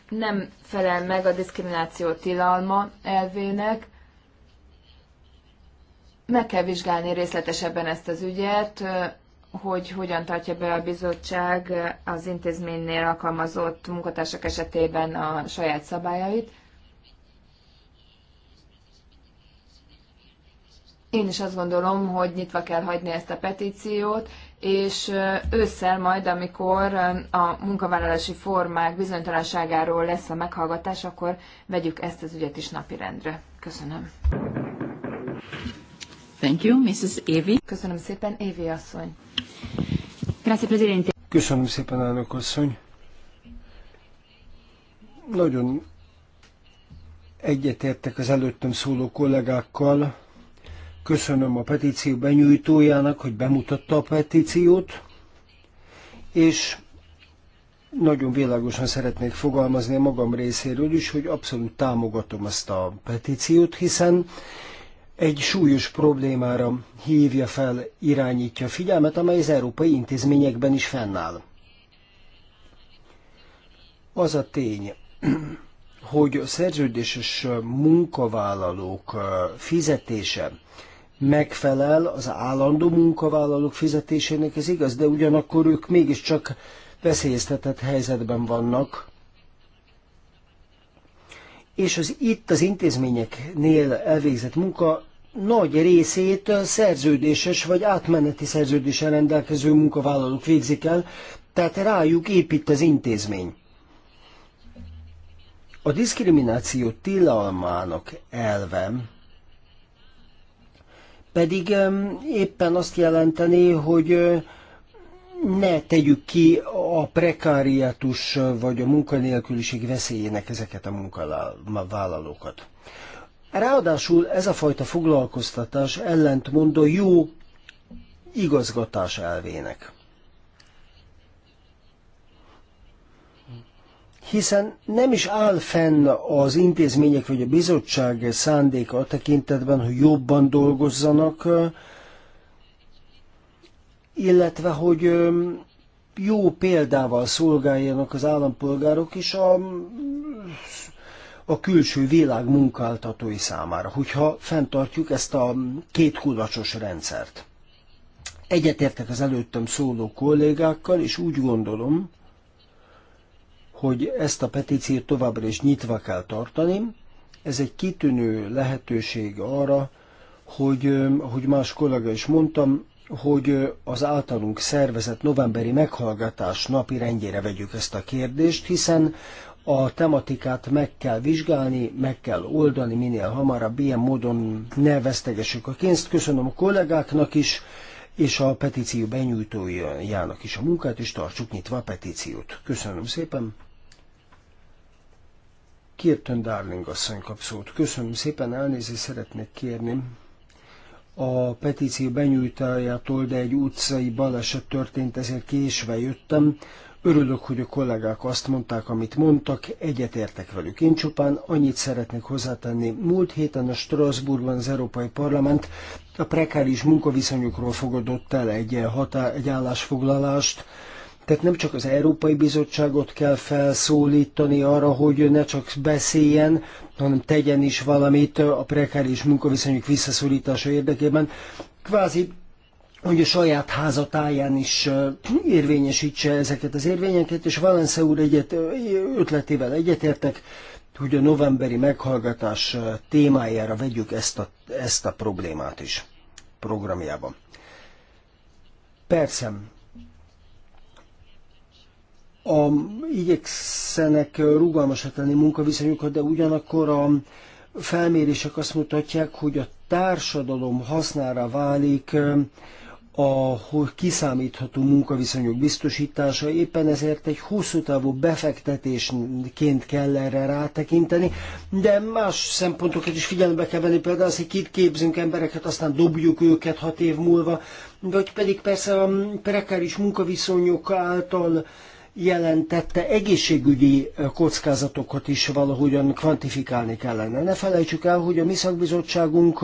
nem felel meg a diszkrimináció tilalma elvének. Meg kell vizsgálni részletesebben ezt az ügyet, hogy hogyan tartja be a bizottság az intézménynél alkalmazott munkatársak esetében a saját szabályait. Én is azt gondolom, hogy nyitva kell hagyni ezt a petíciót, és ősszel majd, amikor a munkavállalási formák bizonytalanságáról lesz a meghallgatás, akkor vegyük ezt az ügyet is napirendre. Köszönöm. Thank you, Mrs. Evi. Köszönöm szépen, Évi asszony. Grazie, Presidente. Köszönöm szépen, elnök asszony. Nagyon egyetértek az előttem szóló kollégákkal, Köszönöm a petíció benyújtójának, hogy bemutatta a petíciót, és nagyon világosan szeretnék fogalmazni a magam részéről is, hogy abszolút támogatom ezt a petíciót, hiszen egy súlyos problémára hívja fel, irányítja a figyelmet, amely az európai intézményekben is fennáll. Az a tény, hogy a szerződéses munkavállalók fizetése megfelel az állandó munkavállalók fizetésének, ez igaz, de ugyanakkor ők mégiscsak veszélyeztetett helyzetben vannak. És az itt az intézményeknél elvégzett munka nagy részét szerződéses vagy átmeneti szerződésen rendelkező munkavállalók végzik el, tehát rájuk épít az intézmény. A diszkrimináció tilalmának elvem pedig éppen azt jelenteni, hogy ne tegyük ki a prekáriátus vagy a munkanélküliség veszélyének ezeket a munkavállalókat. Ráadásul ez a fajta foglalkoztatás ellentmond a jó igazgatás elvének. hiszen nem is áll fenn az intézmények vagy a bizottság szándéka a tekintetben, hogy jobban dolgozzanak, illetve hogy jó példával szolgáljanak az állampolgárok is a, a külső világ munkáltatói számára, hogyha fenntartjuk ezt a két kudacsos rendszert. Egyetértek az előttem szóló kollégákkal, és úgy gondolom, hogy ezt a petíciót továbbra is nyitva kell tartani. Ez egy kitűnő lehetőség arra, hogy, hogy más kollega is mondtam, hogy az általunk szervezett novemberi meghallgatás napi rendjére vegyük ezt a kérdést, hiszen a tematikát meg kell vizsgálni, meg kell oldani minél hamarabb, ilyen módon ne vesztegessük a kénzt. Köszönöm a kollégáknak is, és a petíció benyújtójának is a munkát, és tartsuk nyitva a petíciót. Köszönöm szépen! Kirtön Darling asszony kap szót. Köszönöm szépen, elnézést szeretnék kérni a petíció benyújtájától, de egy utcai baleset történt, ezért késve jöttem. Örülök, hogy a kollégák azt mondták, amit mondtak, egyetértek velük. Én csupán annyit szeretnék hozzátenni. Múlt héten a Strasbourgban az Európai Parlament a prekáris munkaviszonyokról fogadott el egy, eh, hatá- egy állásfoglalást, tehát nem csak az Európai Bizottságot kell felszólítani arra, hogy ne csak beszéljen, hanem tegyen is valamit a prekáris munkaviszonyok visszaszólítása érdekében. Kvázi hogy a saját házatáján is érvényesítse ezeket az érvényeket, és Valence úr egyet, ötletével egyetértek, hogy a novemberi meghallgatás témájára vegyük ezt a, ezt a problémát is programjában. Persze, a, igyekszenek rugalmas lenni munkaviszonyokat, de ugyanakkor a felmérések azt mutatják, hogy a társadalom hasznára válik a kiszámítható munkaviszonyok biztosítása, éppen ezért egy hosszú távú befektetésként kell erre rátekinteni, de más szempontokat is figyelembe kell venni, például az, hogy kit képzünk embereket, aztán dobjuk őket hat év múlva, vagy pedig persze a prekáris munkaviszonyok által jelentette egészségügyi kockázatokat is valahogyan kvantifikálni kellene. Ne felejtsük el, hogy a mi szakbizottságunk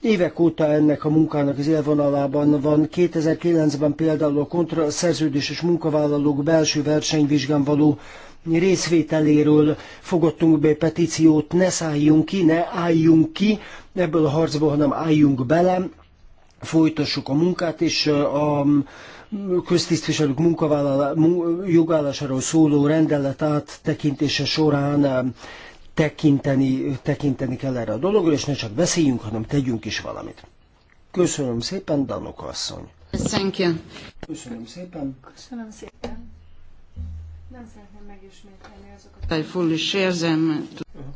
évek óta ennek a munkának az élvonalában van. 2009-ben például a kontra és munkavállalók belső versenyvizsgán való részvételéről fogadtunk be petíciót, ne szálljunk ki, ne álljunk ki ebből a harcból, hanem álljunk bele, folytassuk a munkát, és a köztisztviselők jogállásáról szóló rendelet áttekintése során tekinteni, tekinteni kell erre a dologra, és ne csak beszéljünk, hanem tegyünk is valamit. Köszönöm szépen, Danok asszony. Thank you. Köszönöm szépen. Köszönöm szépen. Nem szeretném megismételni azokat. I fully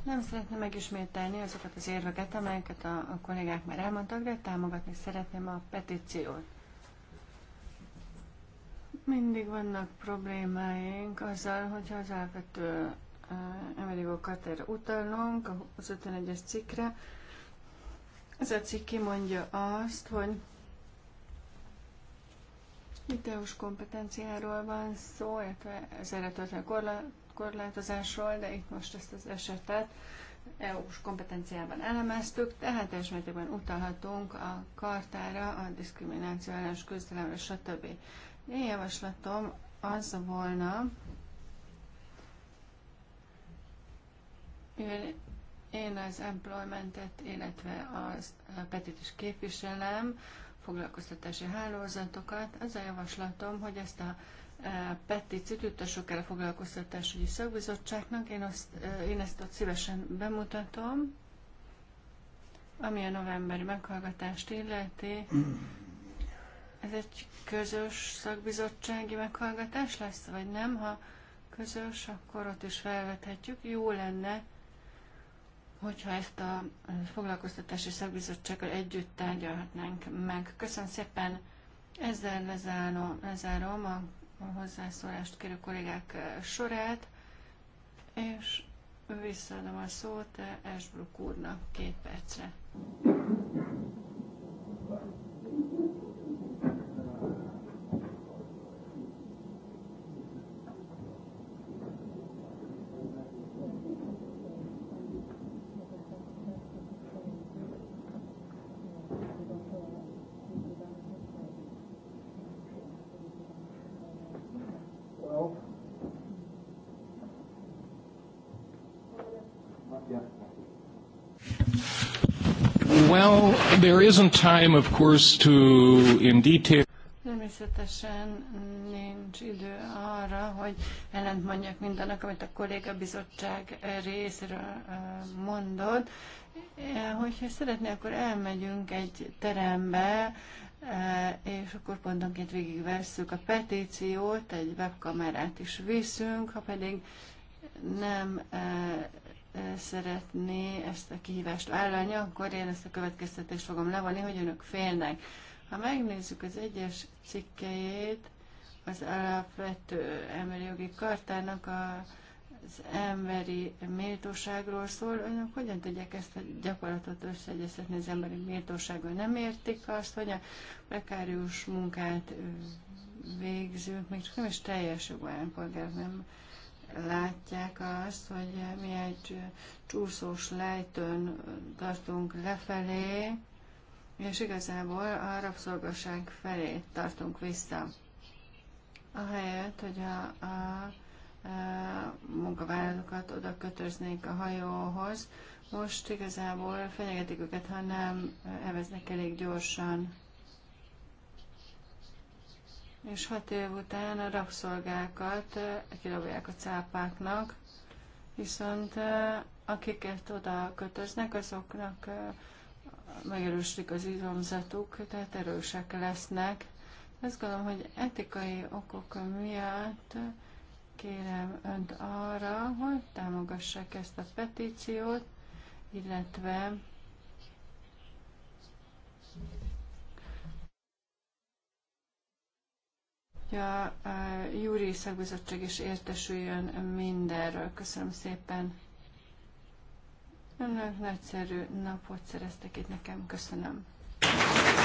Nem szeretném megismételni azokat az érveket, amelyeket a, a kollégák már elmondtak, de támogatni szeretném a petíciót. Mindig vannak problémáink azzal, hogyha az alapvető eh, emberi jogokat erre utalunk, az 51-es cikkre. Ez a cikk kimondja azt, hogy videós kompetenciáról van szó, illetve az eredetlen korlátozásról, de itt most ezt az esetet EU-s kompetenciában elemeztük, tehát teljes mértékben utalhatunk a kartára, a diszkrimináció ellenes küzdelemre, stb. Én javaslatom az volna, mivel én az employmentet, illetve az eh, petit is képviselem, foglalkoztatási hálózatokat, az a javaslatom, hogy ezt a eh, petíciót juttassuk el a foglalkoztatásügyi szakbizottságnak, én, azt, eh, én ezt ott szívesen bemutatom, ami a novemberi meghallgatást illeti, ez egy közös szakbizottsági meghallgatás lesz, vagy nem? Ha közös, akkor ott is felvethetjük. Jó lenne, hogyha ezt a foglalkoztatási szakbizottsággal együtt tárgyalhatnánk meg. Köszönöm szépen! Ezzel lezárom, lezárom a, hozzászólást kérő kollégák eh, sorát, és visszaadom a szót eh, Esbruk úrnak két percre. Well, there isn't time, of course, to in detail. Természetesen nincs idő arra, hogy ellent mondjak mindannak, amit a kolléga bizottság részről mondott. Hogyha szeretné, akkor elmegyünk egy terembe, és akkor pontonként végigvesszük a petíciót, egy webkamerát is viszünk, ha pedig nem szeretné ezt a kihívást vállalni, akkor én ezt a következtetést fogom levonni, hogy önök félnek. Ha megnézzük az egyes cikkeit, az alapvető emberi jogi kartának a, az emberi méltóságról szól, önök hogyan tudják ezt a gyakorlatot összeegyeztetni az emberi méltósággal? Nem értik azt, hogy a prekárius munkát végzők, még csak nem is teljes jogú nem látják azt, hogy mi egy csúszós lejtőn tartunk lefelé, és igazából a rabszolgaság felé tartunk vissza. Ahelyett, hogy a, a, a munkavállalókat oda kötöznék a hajóhoz, most igazából fenyegetik őket, ha nem eveznek elég gyorsan és hat év után a rabszolgákat kirabolják a cápáknak, viszont akiket oda kötöznek, azoknak megerősödik az izomzatuk, tehát erősek lesznek. Azt gondolom, hogy etikai okok miatt kérem Önt arra, hogy támogassák ezt a petíciót, illetve Ja, a Júri Szakbizottság is értesüljön mindenről. Köszönöm szépen. Önök nagyszerű napot szereztek itt nekem. Köszönöm.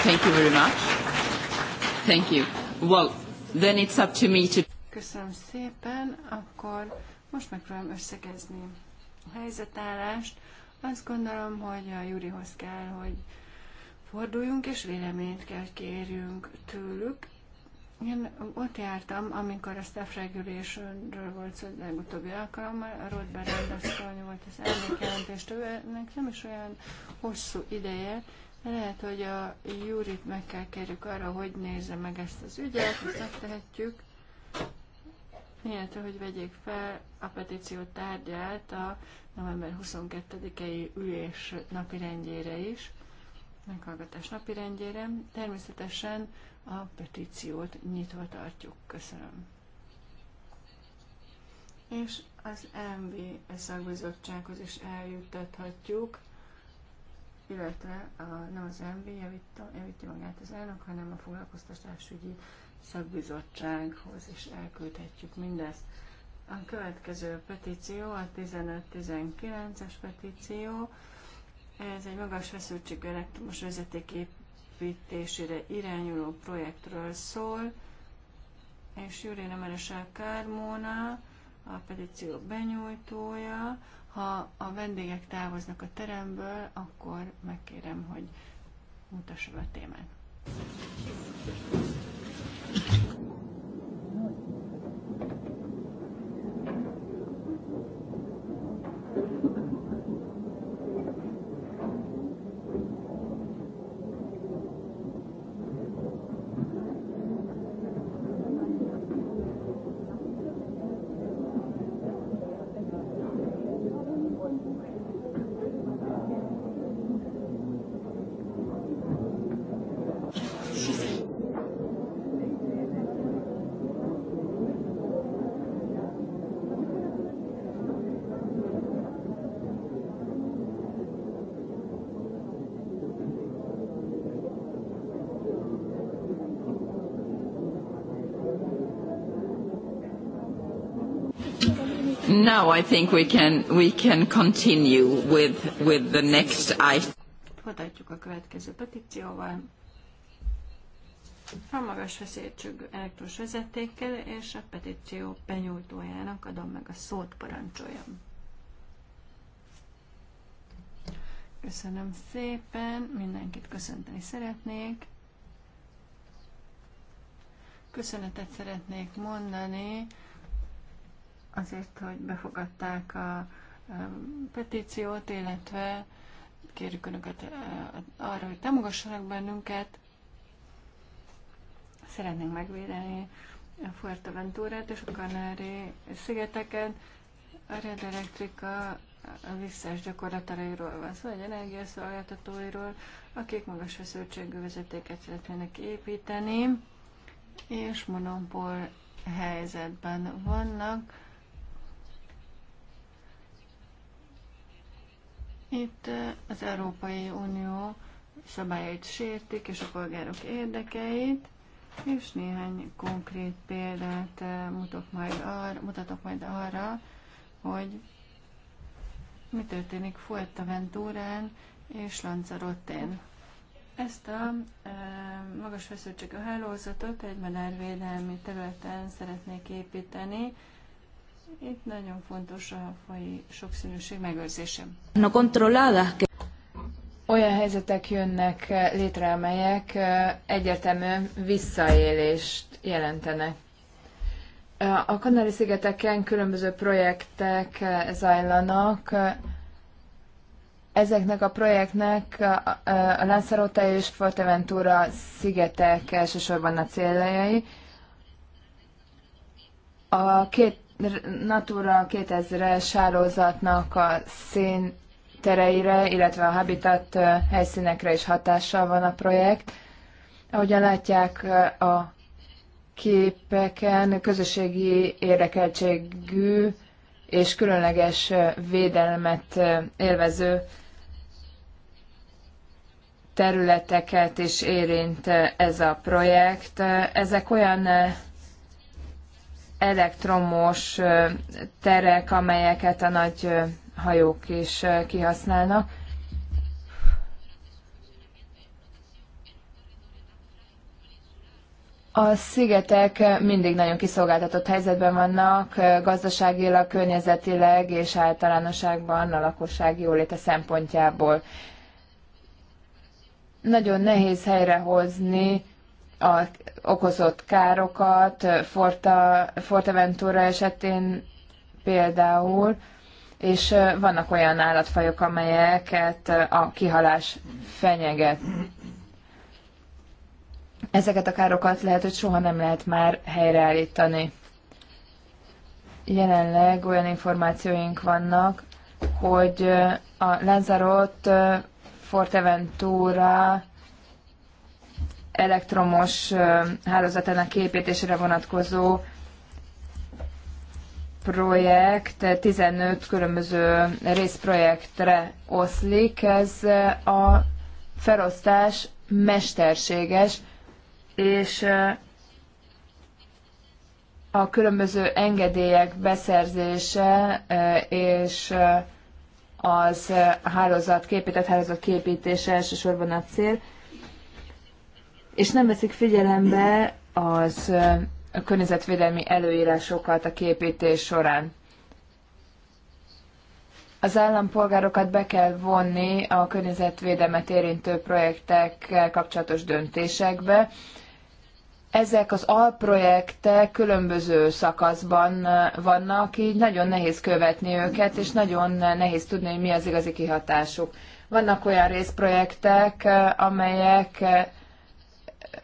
Thank you very much. Thank you. Well, then it's up to me to... Köszönöm szépen. Akkor most megpróbálom összegezni a helyzetállást. Azt gondolom, hogy a Júrihoz kell, hogy forduljunk és véleményt kell kérjünk tőlük. Én ott jártam, amikor a staff volt szó a utóbbi alkalommal, a Rodber rendasszony volt az elnökjelentést, ennek nem is olyan hosszú ideje, de lehet, hogy a Júrit meg kell kérjük arra, hogy nézze meg ezt az ügyet, ezt megtehetjük, Miért, hogy vegyék fel a petíció tárgyát a november 22-i ülés napirendjére is, meghallgatás napirendjére. Természetesen a petíciót nyitva tartjuk. Köszönöm. És az MV szakbizottsághoz is eljuttathatjuk, illetve a, nem az MV javíti magát az elnök, hanem a foglalkoztatásügyi szakbizottsághoz is elküldhetjük mindezt. A következő petíció a 15-19-es petíció. Ez egy magas feszültségű elektromos vezetékép átépítésére irányuló projektről szól, és Jurina Meresel Kármóna, a petíció benyújtója. Ha a vendégek távoznak a teremből, akkor megkérem, hogy mutassa be a témát. now I think we can, we can continue with, with the next item. Folytatjuk a következő petícióval. A magas feszültség elektrós vezetékkel és a petíció benyújtójának adom meg a szót, parancsoljam. Köszönöm szépen, mindenkit köszönteni szeretnék. Köszönetet szeretnék mondani azért, hogy befogadták a petíciót, illetve kérjük Önöket eh, arra, hogy támogassanak bennünket. Szeretnénk megvédeni a Fuerteventurát és a Kanári szigeteket. A Red Electrica visszás gyakorlatairól van szó, egy energiaszolgáltatóiról, akik magas feszültségű vezetéket szeretnének építeni, és monopól helyzetben vannak Itt az Európai Unió szabályait sértik, és a polgárok érdekeit, és néhány konkrét példát mutatok majd arra, mutatok majd arra hogy mi történik Fuerteventúrán és Lanzarotén. Ezt a e, magas feszültségű hálózatot egy madárvédelmi területen szeretnék építeni, itt nagyon fontos a fai sokszínűség megőrzése. No controlada. Olyan helyzetek jönnek létre, amelyek egyértelműen visszaélést jelentenek. A Kanári-szigeteken különböző projektek zajlanak. Ezeknek a projektnek a Lanzarote és Forteventura szigetek elsősorban a céljai. A két Natura 2000-es hálózatnak a szén tereire, illetve a habitat helyszínekre is hatással van a projekt. Ahogyan látják a képeken, közösségi érdekeltségű és különleges védelmet élvező területeket is érint ez a projekt. Ezek olyan elektromos terek, amelyeket a nagy hajók is kihasználnak. A szigetek mindig nagyon kiszolgáltatott helyzetben vannak, gazdaságilag, környezetileg és általánosságban a lakosság jóléte szempontjából. Nagyon nehéz helyrehozni a okozott károkat, Forta, Fortaventura esetén például, és vannak olyan állatfajok, amelyeket a kihalás fenyeget. Ezeket a károkat lehet, hogy soha nem lehet már helyreállítani. Jelenleg olyan információink vannak, hogy a Lanzarote Forteventura elektromos hálózatának kiépítésére vonatkozó projekt 15 különböző részprojektre oszlik. Ez a felosztás mesterséges, és a különböző engedélyek beszerzése és az hálózat, képített hálózat képítése elsősorban a cél és nem veszik figyelembe az a környezetvédelmi előírásokat a képítés során. Az állampolgárokat be kell vonni a környezetvédelmet érintő projektekkel kapcsolatos döntésekbe. Ezek az alprojektek különböző szakaszban vannak, így nagyon nehéz követni őket, és nagyon nehéz tudni, hogy mi az igazi kihatásuk. Vannak olyan részprojektek, amelyek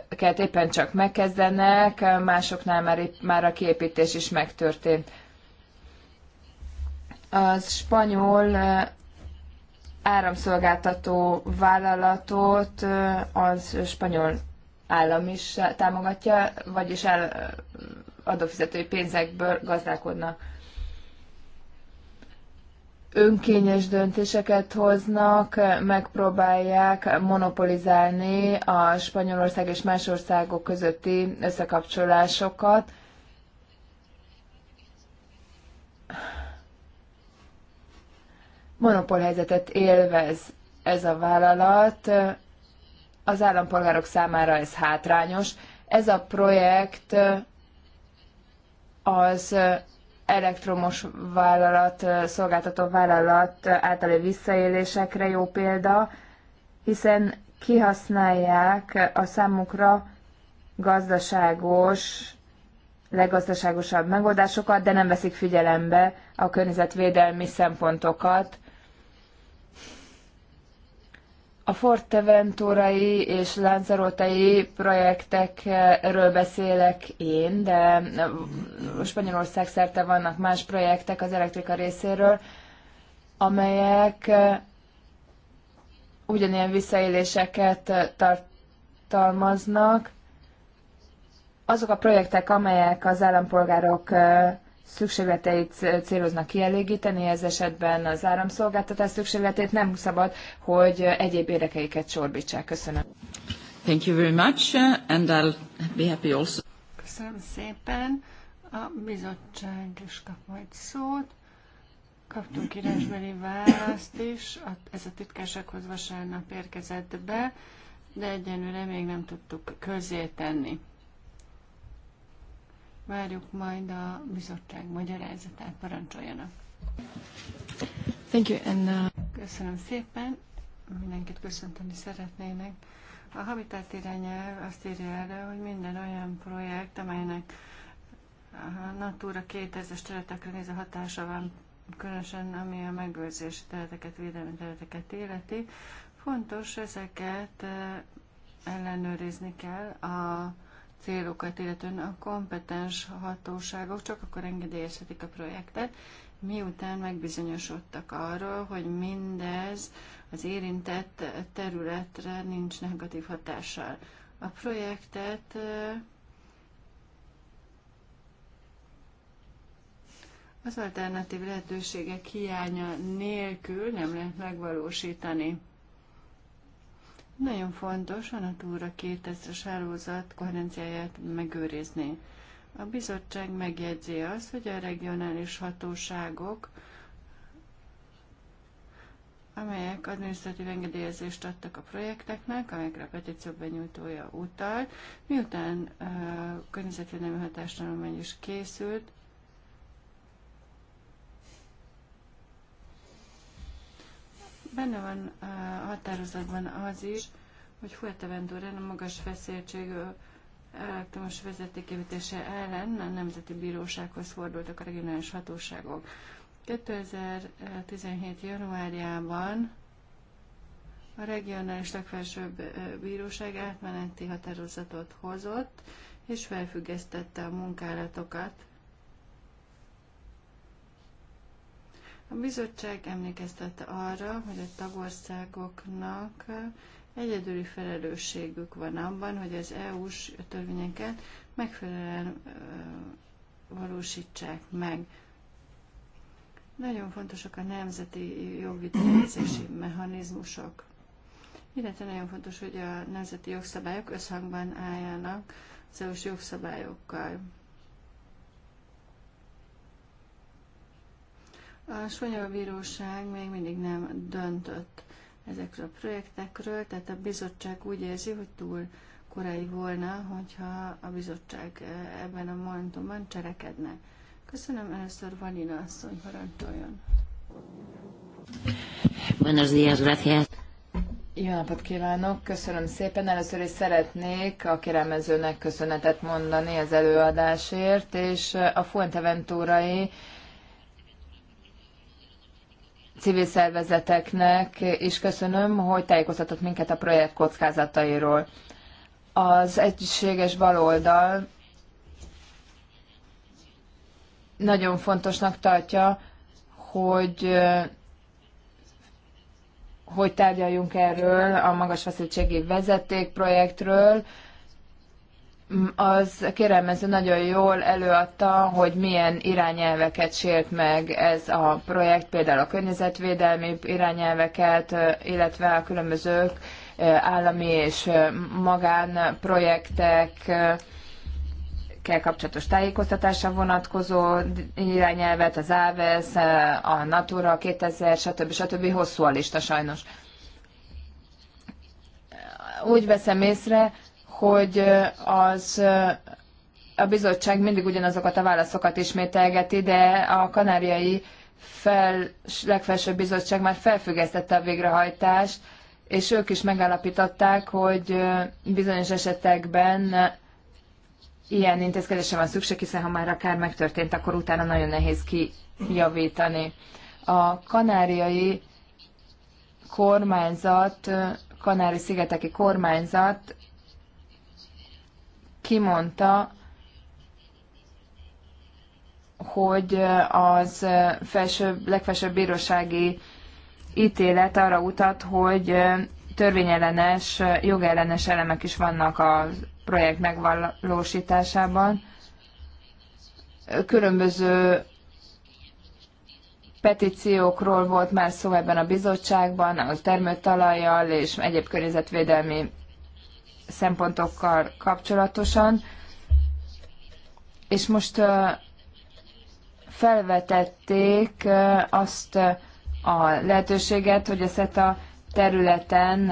amiket éppen csak megkezdenek, másoknál már, már a kiépítés is megtörtént. Az spanyol áramszolgáltató vállalatot az spanyol állam is támogatja, vagyis áll, adófizetői pénzekből gazdálkodnak önkényes döntéseket hoznak, megpróbálják monopolizálni a Spanyolország és más országok közötti összekapcsolásokat. Monopolhelyzetet élvez ez a vállalat, az állampolgárok számára ez hátrányos. Ez a projekt az elektromos vállalat, szolgáltató vállalat általi visszaélésekre jó példa, hiszen kihasználják a számukra gazdaságos, leggazdaságosabb megoldásokat, de nem veszik figyelembe a környezetvédelmi szempontokat, a Forteventurai és Lanzarotei projektekről beszélek én, de Spanyolország szerte vannak más projektek az elektrika részéről, amelyek ugyanilyen visszaéléseket tartalmaznak. Azok a projektek, amelyek az állampolgárok szükségleteit céloznak kielégíteni, ez esetben az áramszolgáltatás szükségletét nem szabad, hogy egyéb érdekeiket csorbítsák. Köszönöm. Thank you very much, uh, and I'll be happy also. Köszönöm szépen. A bizottság is kap majd szót. Kaptunk írásbeli választ is, ez a titkársághoz vasárnap érkezett be, de egyenőre még nem tudtuk közé tenni. Várjuk majd a bizottság magyarázatát, parancsoljanak. Thank you, Anna. Uh, Köszönöm szépen, mindenkit köszönteni szeretnének. A Habitat irányelv azt írja elő, hogy minden olyan projekt, amelynek a Natura 2000-es területekre néző hatása van, különösen ami a megőrzési területeket, védelmi területeket életi, fontos ezeket uh, ellenőrizni kell a célokat, illetően a kompetens hatóságok csak akkor engedélyezhetik a projektet, miután megbizonyosodtak arról, hogy mindez az érintett területre nincs negatív hatással. A projektet az alternatív lehetőségek hiánya nélkül nem lehet megvalósítani. Nagyon fontos a Natura 2000-es hálózat koherenciáját megőrizni. A bizottság megjegyzi azt, hogy a regionális hatóságok, amelyek adminisztratív engedélyezést adtak a projekteknek, amelyekre a petíció benyújtója utal, miután a környezetvédelmi hatástanulmány is készült, benne van a határozatban az is, hogy Fuerteventura a magas feszültség elektromos vezetékévítése ellen a Nemzeti Bírósághoz fordultak a regionális hatóságok. 2017. januárjában a regionális legfelsőbb bíróság átmeneti határozatot hozott, és felfüggesztette a munkálatokat A bizottság emlékeztette arra, hogy a tagországoknak egyedüli felelősségük van abban, hogy az EU-s törvényeket megfelelően valósítsák meg. Nagyon fontosak a nemzeti jogvitelezési mechanizmusok, illetve nagyon fontos, hogy a nemzeti jogszabályok összhangban álljanak az EU-s jogszabályokkal. A spanyol bíróság még mindig nem döntött ezekről a projektekről, tehát a bizottság úgy érzi, hogy túl korai volna, hogyha a bizottság eh, ebben a momentumban cselekedne. Köszönöm először Vanina asszony, parancsoljon. Buenos días, gracias. Jó napot kívánok, köszönöm szépen. Először is szeretnék a kérelmezőnek köszönetet mondani az előadásért, és a Fuenteventúrai civil szervezeteknek is köszönöm, hogy tájékoztatott minket a projekt kockázatairól. Az egységes baloldal nagyon fontosnak tartja, hogy hogy tárgyaljunk erről a magas feszültségi vezeték projektről, az kérelmező nagyon jól előadta, hogy milyen irányelveket sért meg ez a projekt, például a környezetvédelmi irányelveket, illetve a különböző állami és magánprojektek kapcsolatos tájékoztatásra vonatkozó irányelvet, az AVES, a Natura 2000, stb. stb. hosszú a lista sajnos. Úgy veszem észre, hogy az a bizottság mindig ugyanazokat a válaszokat ismételgeti, de a kanáriai fel, legfelsőbb bizottság már felfüggesztette a végrehajtást, és ők is megállapították, hogy bizonyos esetekben ilyen intézkedésre van szükség, hiszen ha már akár megtörtént, akkor utána nagyon nehéz kijavítani. A kanáriai kormányzat, kanári-szigeteki kormányzat kimondta, hogy az felsőbb, legfelsőbb bírósági ítélet arra utat, hogy törvényellenes, jogellenes elemek is vannak a projekt megvalósításában. Különböző petíciókról volt már szó ebben a bizottságban, a termőtalajjal és egyéb környezetvédelmi szempontokkal kapcsolatosan. És most felvetették azt a lehetőséget, hogy a SETA területen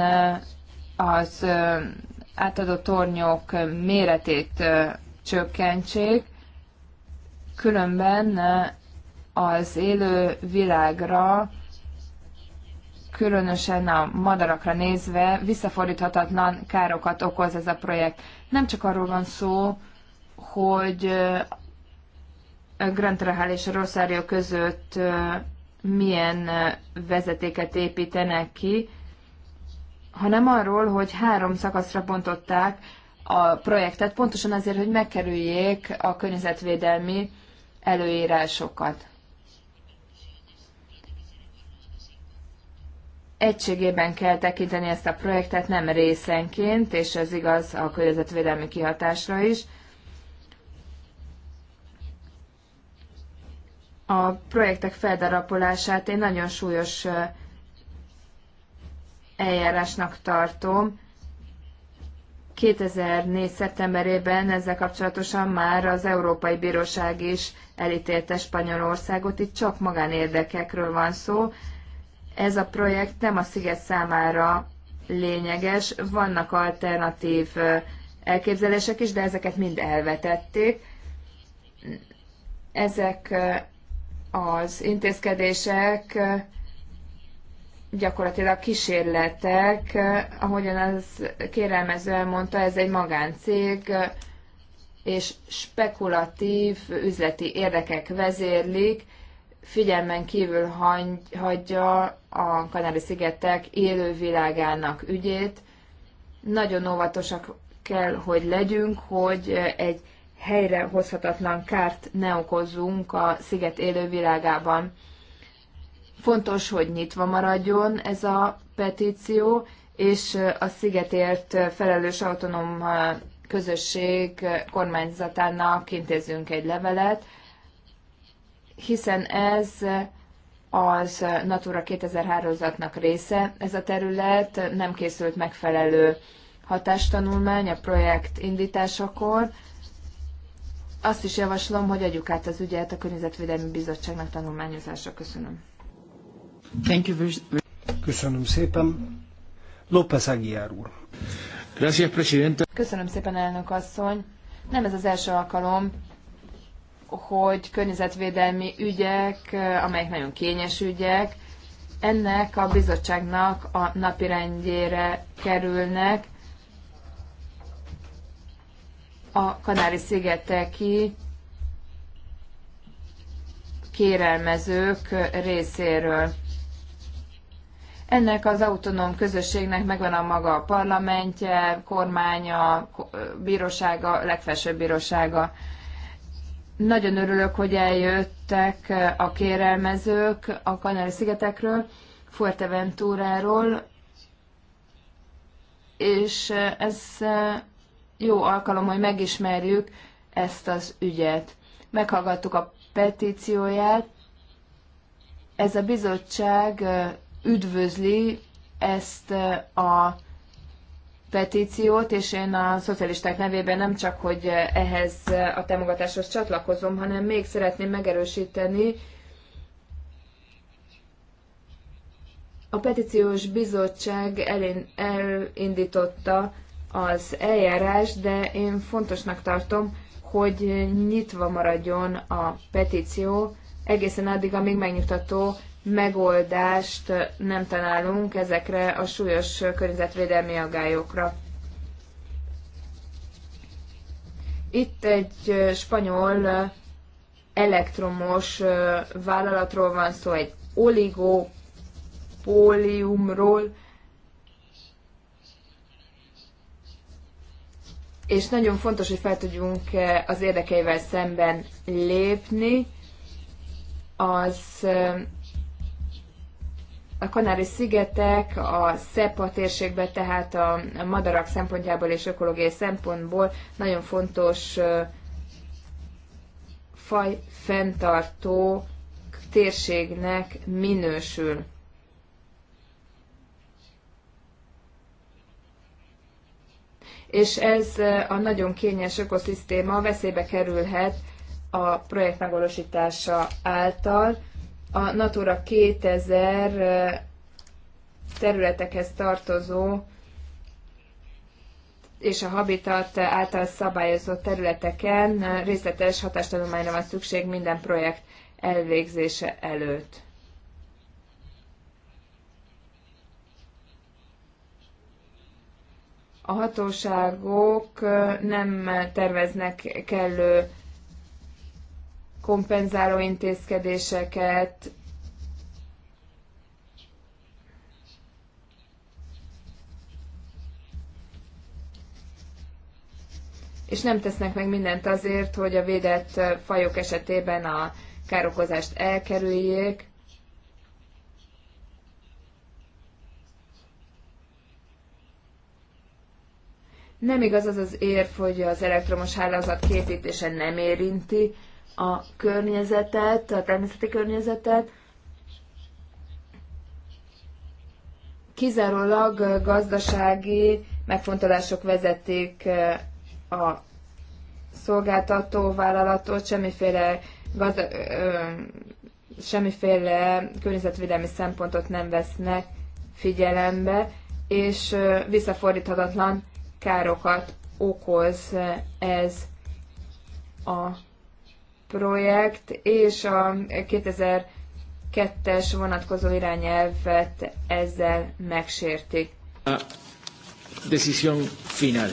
az átadott tornyok méretét csökkentsék, különben az élő világra különösen a madarakra nézve visszafordíthatatlan károkat okoz ez a projekt. Nem csak arról van szó, hogy Grand Trahal és Rosario között milyen vezetéket építenek ki, hanem arról, hogy három szakaszra bontották a projektet, pontosan azért, hogy megkerüljék a környezetvédelmi előírásokat. egységében kell tekinteni ezt a projektet, nem részenként, és ez igaz a környezetvédelmi kihatásra is. A projektek feldarapolását én nagyon súlyos eljárásnak tartom. 2004. szeptemberében ezzel kapcsolatosan már az Európai Bíróság is elítélte Spanyolországot. Itt csak magánérdekekről van szó, ez a projekt nem a sziget számára lényeges, vannak alternatív elképzelések is, de ezeket mind elvetették. Ezek az intézkedések gyakorlatilag kísérletek, ahogyan az kérelmező elmondta, ez egy magáncég, és spekulatív üzleti érdekek vezérlik, figyelmen kívül hagyja a Kanári-szigetek élővilágának ügyét. Nagyon óvatosak kell, hogy legyünk, hogy egy helyre hozhatatlan kárt ne okozzunk a sziget élővilágában. Fontos, hogy nyitva maradjon ez a petíció, és a szigetért felelős autonóm közösség kormányzatának intézünk egy levelet, hiszen ez az Natura 2000 hálózatnak része. Ez a terület nem készült megfelelő hatástanulmány a projekt indításakor. Azt is javaslom, hogy adjuk át az ügyet a Környezetvédelmi Bizottságnak tanulmányozásra. Köszönöm. Thank you. Köszönöm szépen. López Aguiar úr. Gracias, Köszönöm szépen, elnök asszony. Nem ez az első alkalom, hogy környezetvédelmi ügyek, amelyek nagyon kényes ügyek, ennek a bizottságnak a napirendjére kerülnek a Kanári-szigeteki kérelmezők részéről. Ennek az autonóm közösségnek megvan a maga parlamentje, kormánya, bírósága, legfelsőbb bírósága. Nagyon örülök, hogy eljöttek a kérelmezők a Kanári-szigetekről, Fuerteventuráról, és ez jó alkalom, hogy megismerjük ezt az ügyet. Meghallgattuk a petícióját, ez a bizottság üdvözli ezt a petíciót, és én a szocialisták nevében nem csak, hogy ehhez a támogatáshoz csatlakozom, hanem még szeretném megerősíteni a petíciós bizottság elindította az eljárás, de én fontosnak tartom, hogy nyitva maradjon a petíció egészen addig, amíg megnyugtató megoldást nem találunk ezekre a súlyos környezetvédelmi agályokra. Itt egy spanyol elektromos vállalatról van szó, egy oligopóliumról, és nagyon fontos, hogy fel tudjunk az érdekeivel szemben lépni. Az a Kanári-szigetek a SEPA térségben, tehát a madarak szempontjából és ökológiai szempontból nagyon fontos faj fenntartó térségnek minősül. És ez a nagyon kényes ökoszisztéma veszélybe kerülhet a projekt megvalósítása által, a Natura 2000 területekhez tartozó és a habitat által szabályozott területeken részletes hatástanulmányra van szükség minden projekt elvégzése előtt. A hatóságok nem terveznek kellő kompenzáló intézkedéseket, és nem tesznek meg mindent azért, hogy a védett fajok esetében a károkozást elkerüljék. Nem igaz az az érv, hogy az elektromos hálózat képítése nem érinti a környezetet, a természeti környezetet, kizárólag gazdasági megfontolások vezették eh, a szolgáltató vállalatot, semmiféle, gazda, ö, semmiféle környezetvédelmi szempontot nem vesznek figyelembe, és visszafordíthatatlan károkat okoz eh, ez a projekt és a 2002-es vonatkozó irányelvet ezzel megsértik. A decisión final.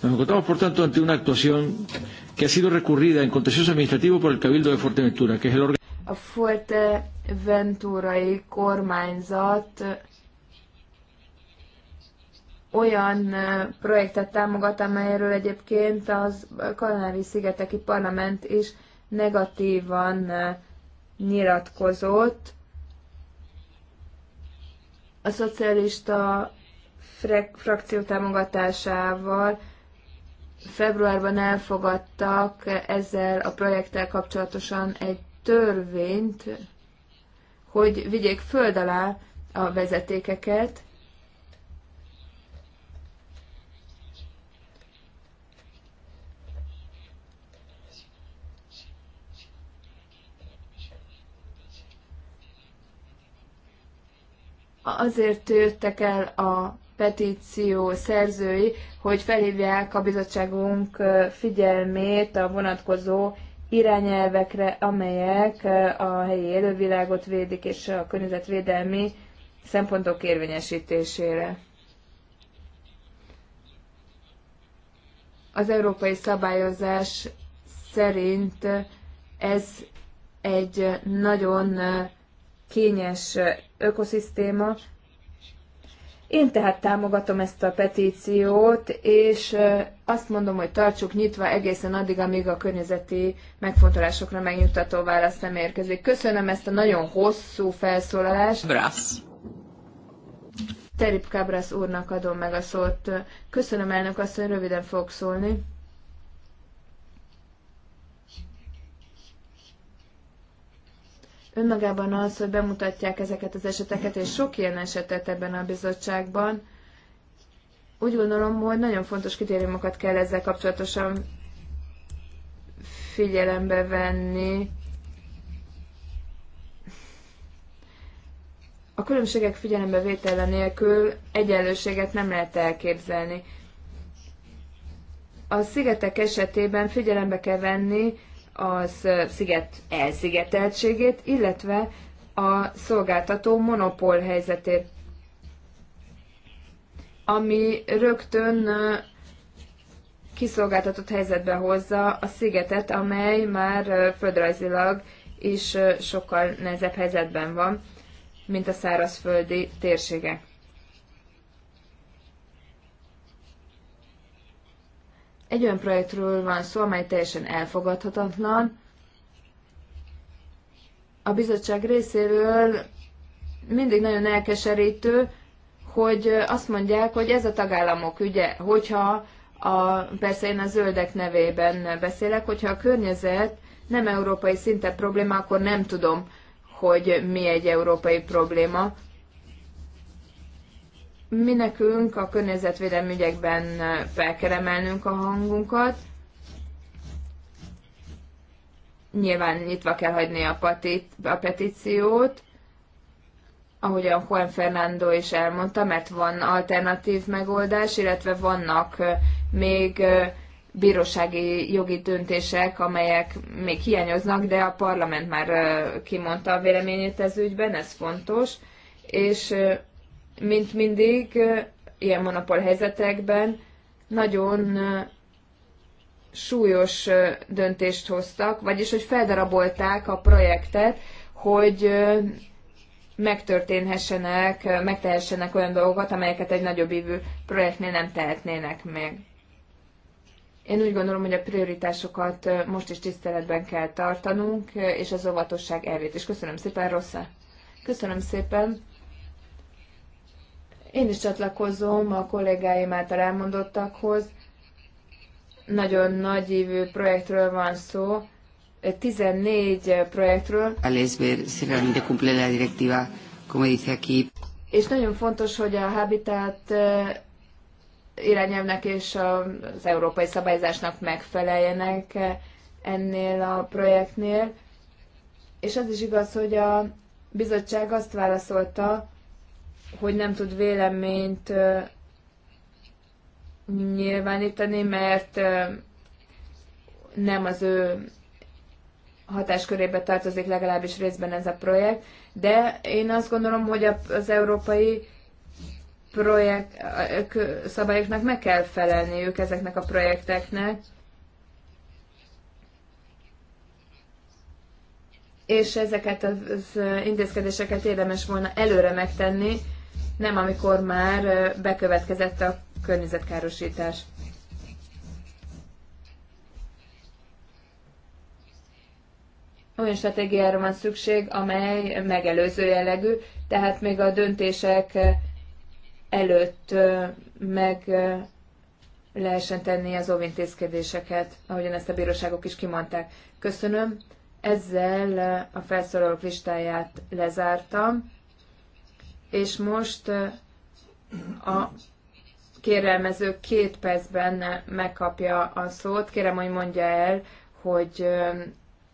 Nos encontramos, por tanto, ante una actuación que ha sido recurrida en contencioso administrativo por el Cabildo de Fuerteventura, que es el órgano. A Fuerteventurai kormányzat olyan projektet támogat, amelyről egyébként az Kanári-szigeteki parlament is negatívan nyilatkozott. A szocialista frakció támogatásával februárban elfogadtak ezzel a projekttel kapcsolatosan egy törvényt, hogy vigyék föld alá a vezetékeket, azért jöttek el a petíció szerzői, hogy felhívják a bizottságunk figyelmét a vonatkozó irányelvekre, amelyek a helyi élővilágot védik és a környezetvédelmi szempontok érvényesítésére. Az európai szabályozás szerint ez egy nagyon kényes ökoszisztéma. Én tehát támogatom ezt a petíciót, és azt mondom, hogy tartsuk nyitva egészen addig, amíg a környezeti megfontolásokra megnyugtató válasz nem érkezik. Köszönöm ezt a nagyon hosszú felszólalást. Brass. Terip Cabrász úrnak adom meg a szót. Köszönöm elnök asszony, röviden fogok szólni. Önmagában az, hogy bemutatják ezeket az eseteket, és sok ilyen esetet ebben a bizottságban, úgy gondolom, hogy nagyon fontos kritériumokat kell ezzel kapcsolatosan figyelembe venni. A különbségek vétele nélkül egyenlőséget nem lehet elképzelni. A szigetek esetében figyelembe kell venni az sziget elszigeteltségét, illetve a szolgáltató monopól helyzetét, ami rögtön kiszolgáltatott helyzetbe hozza a szigetet, amely már földrajzilag is sokkal nehezebb helyzetben van, mint a szárazföldi térségek. Egy olyan projektről van szó, amely teljesen elfogadhatatlan. A bizottság részéről mindig nagyon elkeserítő, hogy azt mondják, hogy ez a tagállamok ügye, hogyha a, persze én a zöldek nevében beszélek, hogyha a környezet nem európai szinten probléma, akkor nem tudom, hogy mi egy európai probléma mi nekünk a környezetvédelmi ügyekben fel kell emelnünk a hangunkat. Nyilván nyitva kell hagyni a, patit, a petíciót, ahogy a Juan Fernando is elmondta, mert van alternatív megoldás, illetve vannak még bírósági jogi döntések, amelyek még hiányoznak, de a parlament már kimondta a véleményét ez ügyben, ez fontos, és mint mindig, ilyen monopól helyzetekben nagyon súlyos döntést hoztak, vagyis hogy feldarabolták a projektet, hogy megtörténhessenek, megtehessenek olyan dolgokat, amelyeket egy nagyobb évű projektnél nem tehetnének meg. Én úgy gondolom, hogy a prioritásokat most is tiszteletben kell tartanunk, és az óvatosság elvét. És köszönöm szépen, Rossza! Köszönöm szépen! Én is csatlakozom a kollégáim által elmondottakhoz. Nagyon nagy évű projektről van szó, 14 projektről. A directiva, dice És nagyon fontos, hogy a Habitat eh, irányelvnek és az európai szabályzásnak megfeleljenek eh, ennél a projektnél. És az is igaz, hogy a bizottság azt válaszolta, hogy nem tud véleményt nyilvánítani, mert nem az ő hatáskörébe tartozik legalábbis részben ez a projekt, de én azt gondolom, hogy az európai projekt szabályoknak meg kell felelniük ezeknek a projekteknek. És ezeket az intézkedéseket érdemes volna előre megtenni, nem amikor már bekövetkezett a környezetkárosítás. Olyan stratégiára van szükség, amely megelőző jellegű, tehát még a döntések előtt meg lehessen tenni az óvintézkedéseket, ahogyan ezt a bíróságok is kimondták. Köszönöm. Ezzel a felszólalók listáját lezártam és most a kérelmező két percben megkapja a szót. Kérem, hogy mondja el, hogy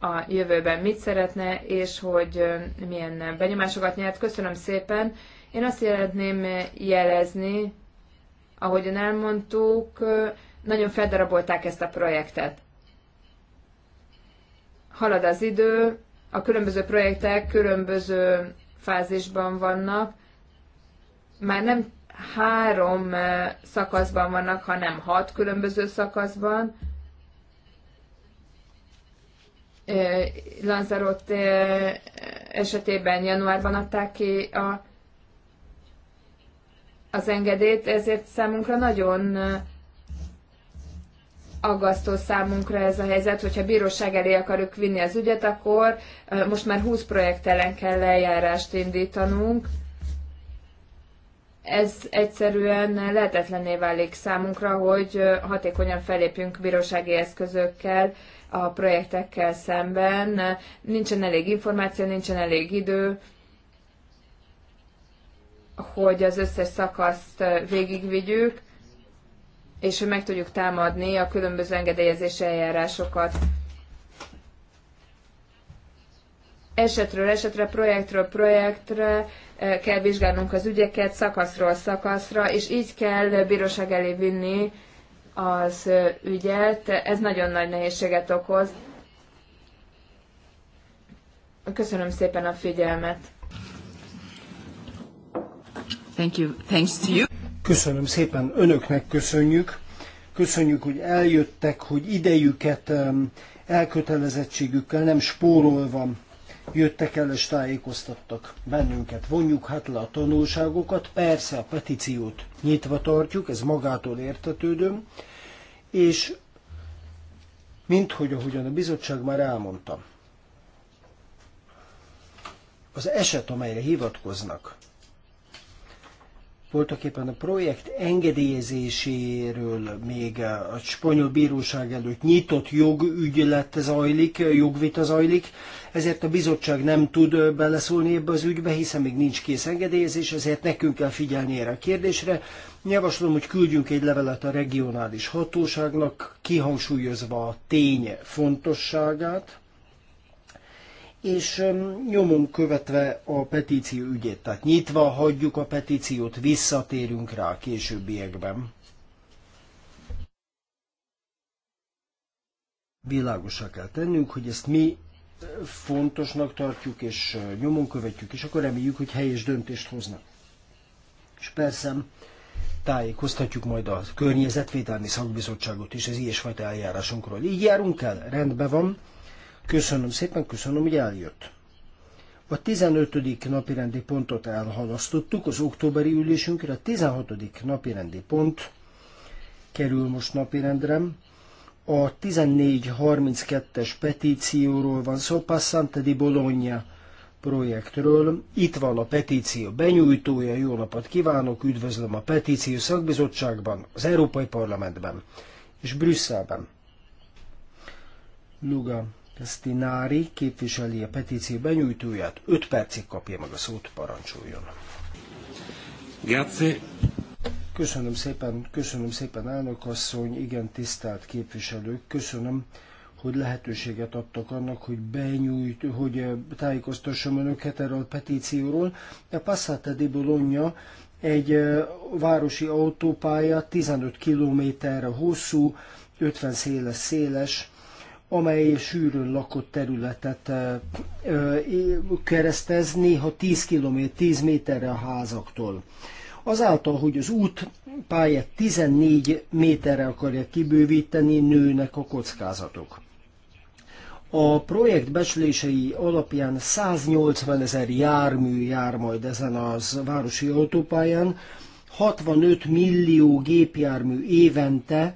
a jövőben mit szeretne, és hogy milyen benyomásokat nyert. Köszönöm szépen. Én azt szeretném jelezni, ahogyan elmondtuk, nagyon feldarabolták ezt a projektet. Halad az idő, a különböző projektek különböző fázisban vannak, már nem három eh, szakaszban vannak, hanem hat különböző szakaszban. Eh, Lanzarot eh, esetében januárban adták ki a, az engedélyt, ezért számunkra nagyon aggasztó számunkra ez a helyzet, hogyha bíróság elé akarjuk vinni az ügyet, akkor most már 20 projekt ellen kell eljárást indítanunk, ez egyszerűen lehetetlenné válik számunkra, hogy hatékonyan felépjünk bírósági eszközökkel a projektekkel szemben. Nincsen elég információ, nincsen elég idő, hogy az összes szakaszt végigvigyük, és hogy meg tudjuk támadni a különböző engedélyezési eljárásokat. Esetről esetre, projektről projektre Eh, kell vizsgálnunk az ügyeket szakaszról szakaszra, és így kell bíróság elé vinni az ügyet. Ez nagyon nagy nehézséget okoz. Köszönöm szépen a figyelmet. Thank you. Thanks to you. Köszönöm szépen, önöknek köszönjük. Köszönjük, hogy eljöttek, hogy idejüket, elkötelezettségükkel nem spórolva jöttek el és tájékoztattak bennünket. Vonjuk hát le a tanulságokat, persze a petíciót nyitva tartjuk, ez magától értetődő, és mint hogy ahogyan a bizottság már elmondta, az eset, amelyre hivatkoznak, voltak éppen a projekt engedélyezéséről még a spanyol bíróság előtt nyitott jogügylet zajlik, jogvita zajlik, ezért a bizottság nem tud beleszólni ebbe az ügybe, hiszen még nincs kész engedélyezés, ezért nekünk kell figyelni erre a kérdésre. Javaslom, hogy küldjünk egy levelet a regionális hatóságnak, kihangsúlyozva a tény fontosságát, és nyomon követve a petíció ügyét. Tehát nyitva hagyjuk a petíciót, visszatérünk rá a későbbiekben. Világosra kell tennünk, hogy ezt mi fontosnak tartjuk, és nyomon követjük, és akkor reméljük, hogy helyes döntést hoznak. És persze tájékoztatjuk majd a környezetvédelmi szakbizottságot is az ilyesfajta eljárásunkról. Így járunk el, rendben van Köszönöm szépen, köszönöm, hogy eljött. A 15. napirendi pontot elhalasztottuk az októberi ülésünkre, a 16. napirendi pont kerül most napirendre. A 1432-es petícióról van szó, Passante di Bologna projektről. Itt van a petíció benyújtója, jó napot kívánok, üdvözlöm a petíció szakbizottságban, az Európai Parlamentben és Brüsszelben. Luga Sztinári képviseli a petíció benyújtóját. 5 percig kapja meg a szót, parancsoljon. Grazie. Köszönöm szépen, köszönöm szépen, elnök asszony, igen, tisztelt képviselők, köszönöm, hogy lehetőséget adtak annak, hogy benyújt, hogy eh, tájékoztassam önöket erről a petícióról. A Passata di Bologna egy eh, városi autópálya 15 kilométerre hosszú, 50 széles széles, amely sűrűn lakott területet eh, eh, keresztezni, ha 10 km, 10 méterre a házaktól. Azáltal, hogy az út pályát 14 méterre akarja kibővíteni, nőnek a kockázatok. A projekt becslései alapján 180 ezer jármű jár majd ezen az városi autópályán, 65 millió gépjármű évente,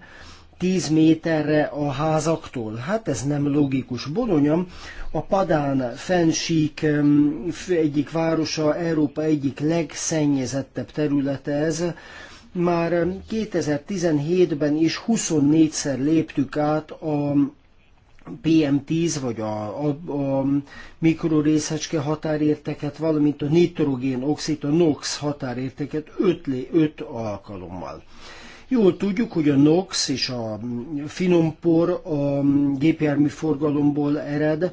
10 méterre a házaktól. Hát ez nem logikus. Bolonyam a Padán fensík egyik városa, Európa egyik legszennyezettebb területe ez. Már 2017-ben is 24-szer léptük át a PM10 vagy a, a, a mikrorészecske határérteket, valamint a nitrogén, oxid, a NOx határérteket 5 alkalommal. Jól tudjuk, hogy a NOx és a finompor a gépjármű forgalomból ered,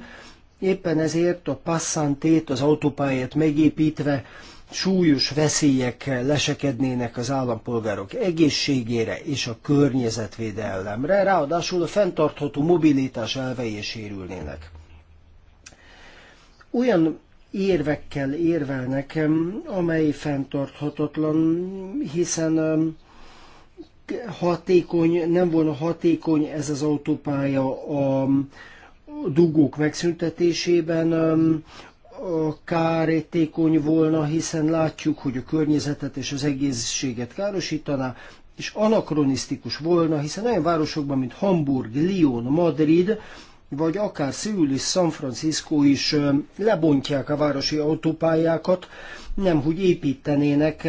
éppen ezért a passzantét, az autópályát megépítve súlyos veszélyek lesekednének az állampolgárok egészségére és a környezetvédelemre, ráadásul a fenntartható mobilitás elvei sérülnének. Olyan érvekkel érvel nekem, amely fenntarthatatlan, hiszen hatékony, nem volna hatékony ez az autópálya a dugók megszüntetésében, a kártékony volna, hiszen látjuk, hogy a környezetet és az egészséget károsítaná, és anakronisztikus volna, hiszen olyan városokban, mint Hamburg, Lyon, Madrid, vagy akár Szül és San Francisco is lebontják a városi autópályákat, nem hogy építenének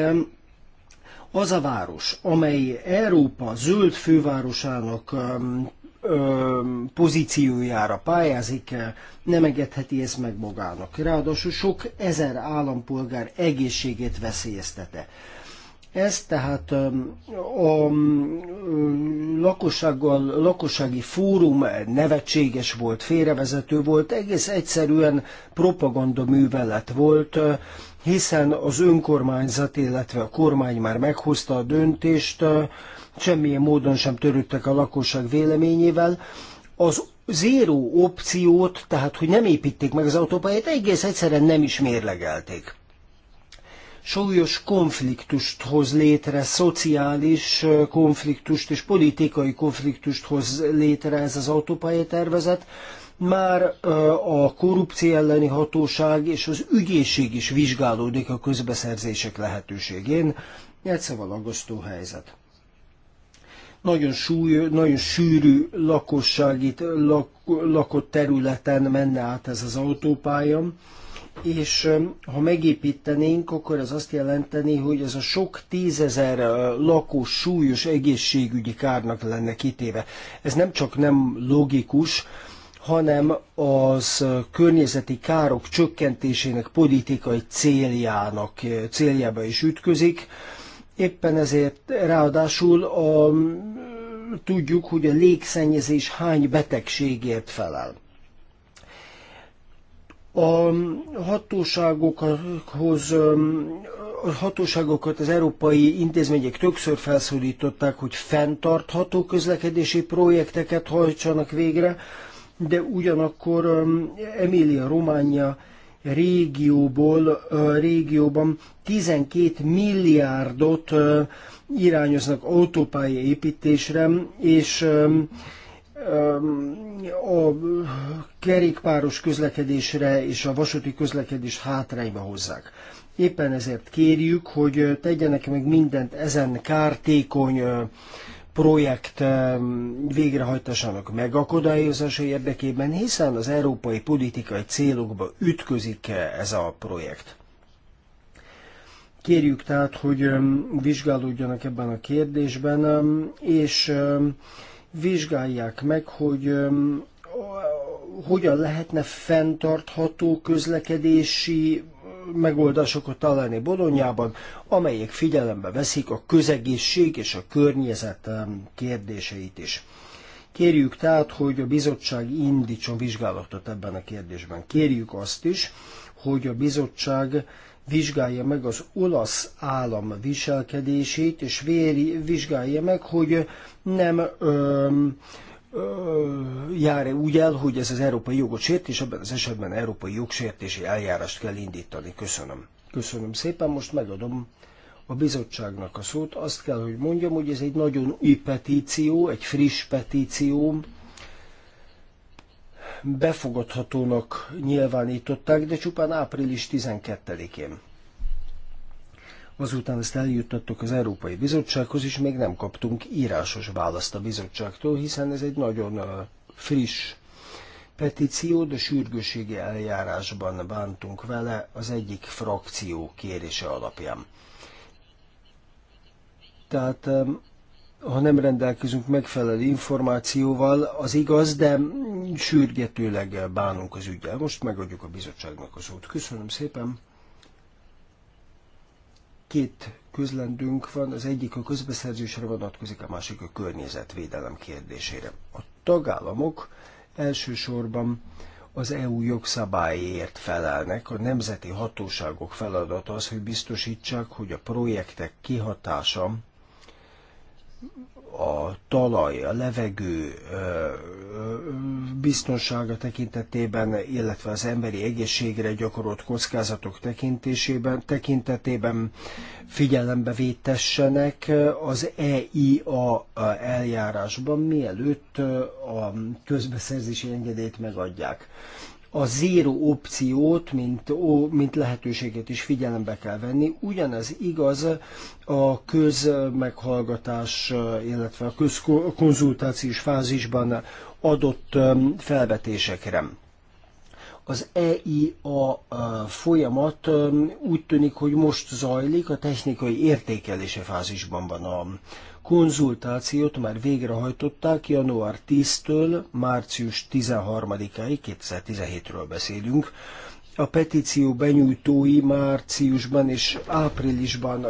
az a város, amely Európa zöld fővárosának um, um, pozíciójára pályázik, eh, nem engedheti ezt meg magának. Ráadásul sok ezer állampolgár egészségét veszélyeztete. Ez tehát um, a lakossággal, lakossági fórum nevetséges volt, félrevezető volt, egész egyszerűen propaganda művelet volt, hiszen az önkormányzat, illetve a kormány már meghozta a döntést, semmilyen módon sem törődtek a lakosság véleményével. Az zéró opciót, tehát hogy nem építik meg az autópályát, egész egyszerűen nem is mérlegelték. Súlyos konfliktust hoz létre, szociális konfliktust és politikai konfliktust hoz létre ez az autópálya tervezet, már a korrupció elleni hatóság és az ügyészség is vizsgálódik a közbeszerzések lehetőségén. Egyszerűen szóval aggasztó helyzet. Nagyon, súly, nagyon sűrű lakossági lak, lakott területen menne át ez az autópálya, és ha megépítenénk, akkor ez azt jelenteni, hogy ez a sok tízezer lakos súlyos egészségügyi kárnak lenne kitéve. Ez nem csak nem logikus, hanem az környezeti károk csökkentésének politikai céljának, céljába is ütközik. Éppen ezért ráadásul a, tudjuk, hogy a légszennyezés hány betegségért felel. A hatóságokhoz, a hatóságokat az európai intézmények többször felszólították, hogy fenntartható közlekedési projekteket hajtsanak végre, de ugyanakkor Emília Románia régióból, régióban 12 milliárdot irányoznak autópálya építésre, és a kerékpáros közlekedésre és a vasúti közlekedés hátrányba hozzák. Éppen ezért kérjük, hogy tegyenek meg mindent ezen kártékony projekt végrehajtásának megakadályozása érdekében, hiszen az európai politikai célokba ütközik -e ez a projekt. Kérjük tehát, hogy vizsgálódjanak ebben a kérdésben, és vizsgálják meg, hogy hogyan lehetne fenntartható közlekedési megoldásokat találni Bolonyában, amelyek figyelembe veszik a közegészség és a környezet kérdéseit is. Kérjük tehát, hogy a bizottság indítson vizsgálatot ebben a kérdésben. Kérjük azt is, hogy a bizottság vizsgálja meg az olasz állam viselkedését, és véri, vizsgálja meg, hogy nem öm, jár-e úgy el, hogy ez az európai jogot sért, és ebben az esetben európai jogsértési eljárást kell indítani. Köszönöm. Köszönöm szépen, most megadom a bizottságnak a szót. Azt kell, hogy mondjam, hogy ez egy nagyon új petíció, egy friss petíció, befogadhatónak nyilvánították, de csupán április 12-én. Azután ezt eljuttattuk az Európai Bizottsághoz, és még nem kaptunk írásos választ a bizottságtól, hiszen ez egy nagyon friss petíció, de sürgőségi eljárásban bántunk vele az egyik frakció kérése alapján. Tehát ha nem rendelkezünk megfelelő információval, az igaz, de sürgetőleg bánunk az ügyel. Most megadjuk a bizottságnak a szót. Köszönöm szépen! Két közlendünk van, az egyik a közbeszerzésre vonatkozik, a másik a környezetvédelem kérdésére. A tagállamok elsősorban az EU jogszabályért felelnek, a nemzeti hatóságok feladata az, hogy biztosítsák, hogy a projektek kihatása a talaj, a levegő biztonsága tekintetében, illetve az emberi egészségre gyakorolt kockázatok tekintésében, tekintetében figyelembe vétessenek az EIA eljárásban, mielőtt a közbeszerzési engedélyt megadják a zéro opciót, mint, ó, mint lehetőséget is figyelembe kell venni. Ugyanez igaz a közmeghallgatás, illetve a közkonzultációs fázisban adott felvetésekre az EIA folyamat úgy tűnik, hogy most zajlik, a technikai értékelése fázisban van a konzultációt már végrehajtották január 10-től március 13-áig, 2017-ről beszélünk. A petíció benyújtói márciusban és áprilisban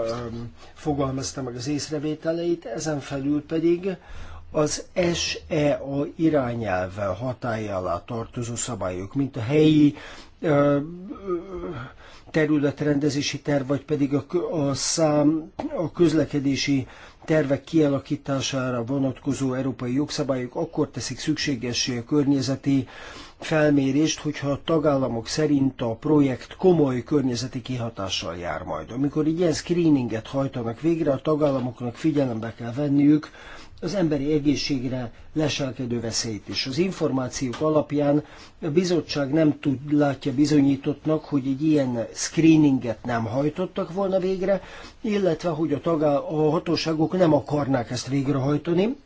fogalmazta meg az észrevételeit, ezen felül pedig az SEA irányelve hatája alá tartozó szabályok, mint a helyi területrendezési terv, vagy pedig a, a szám, a közlekedési tervek kialakítására vonatkozó európai jogszabályok akkor teszik szükségessé a környezeti felmérést, hogyha a tagállamok szerint a projekt komoly környezeti kihatással jár majd. Amikor ilyen screeninget hajtanak végre, a tagállamoknak figyelembe kell venniük, az emberi egészségre leselkedő veszélyt is. Az információk alapján a bizottság nem tud, látja bizonyítottnak, hogy egy ilyen screeninget nem hajtottak volna végre, illetve hogy a, tagá, a hatóságok nem akarnák ezt végrehajtani.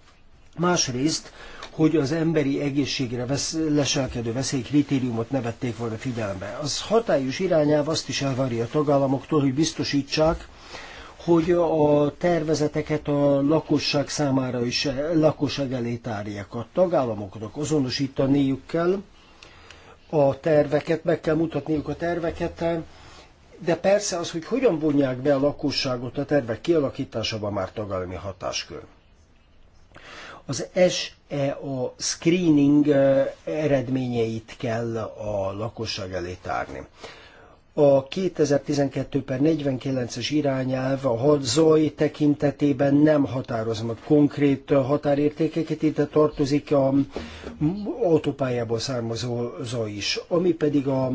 Másrészt, hogy az emberi egészségre vesz, leselkedő veszély kritériumot ne vették volna figyelembe. Az hatályos irányáv azt is elvárja a tagállamoktól, hogy biztosítsák, hogy a tervezeteket a lakosság számára is lakosság elé tárják. A tagállamoknak azonosítaniuk kell a terveket, meg kell mutatniuk a terveket, de persze az, hogy hogyan vonják be a lakosságot a tervek kialakításában már tagállami hatáskör. Az SEA screening eh, eredményeit kell a lakosság elé tárni a 2012 per 49-es irányelv a hadzaj tekintetében nem határoz meg konkrét határértékeket, itt tartozik a autópályából származó zaj is. Ami pedig a,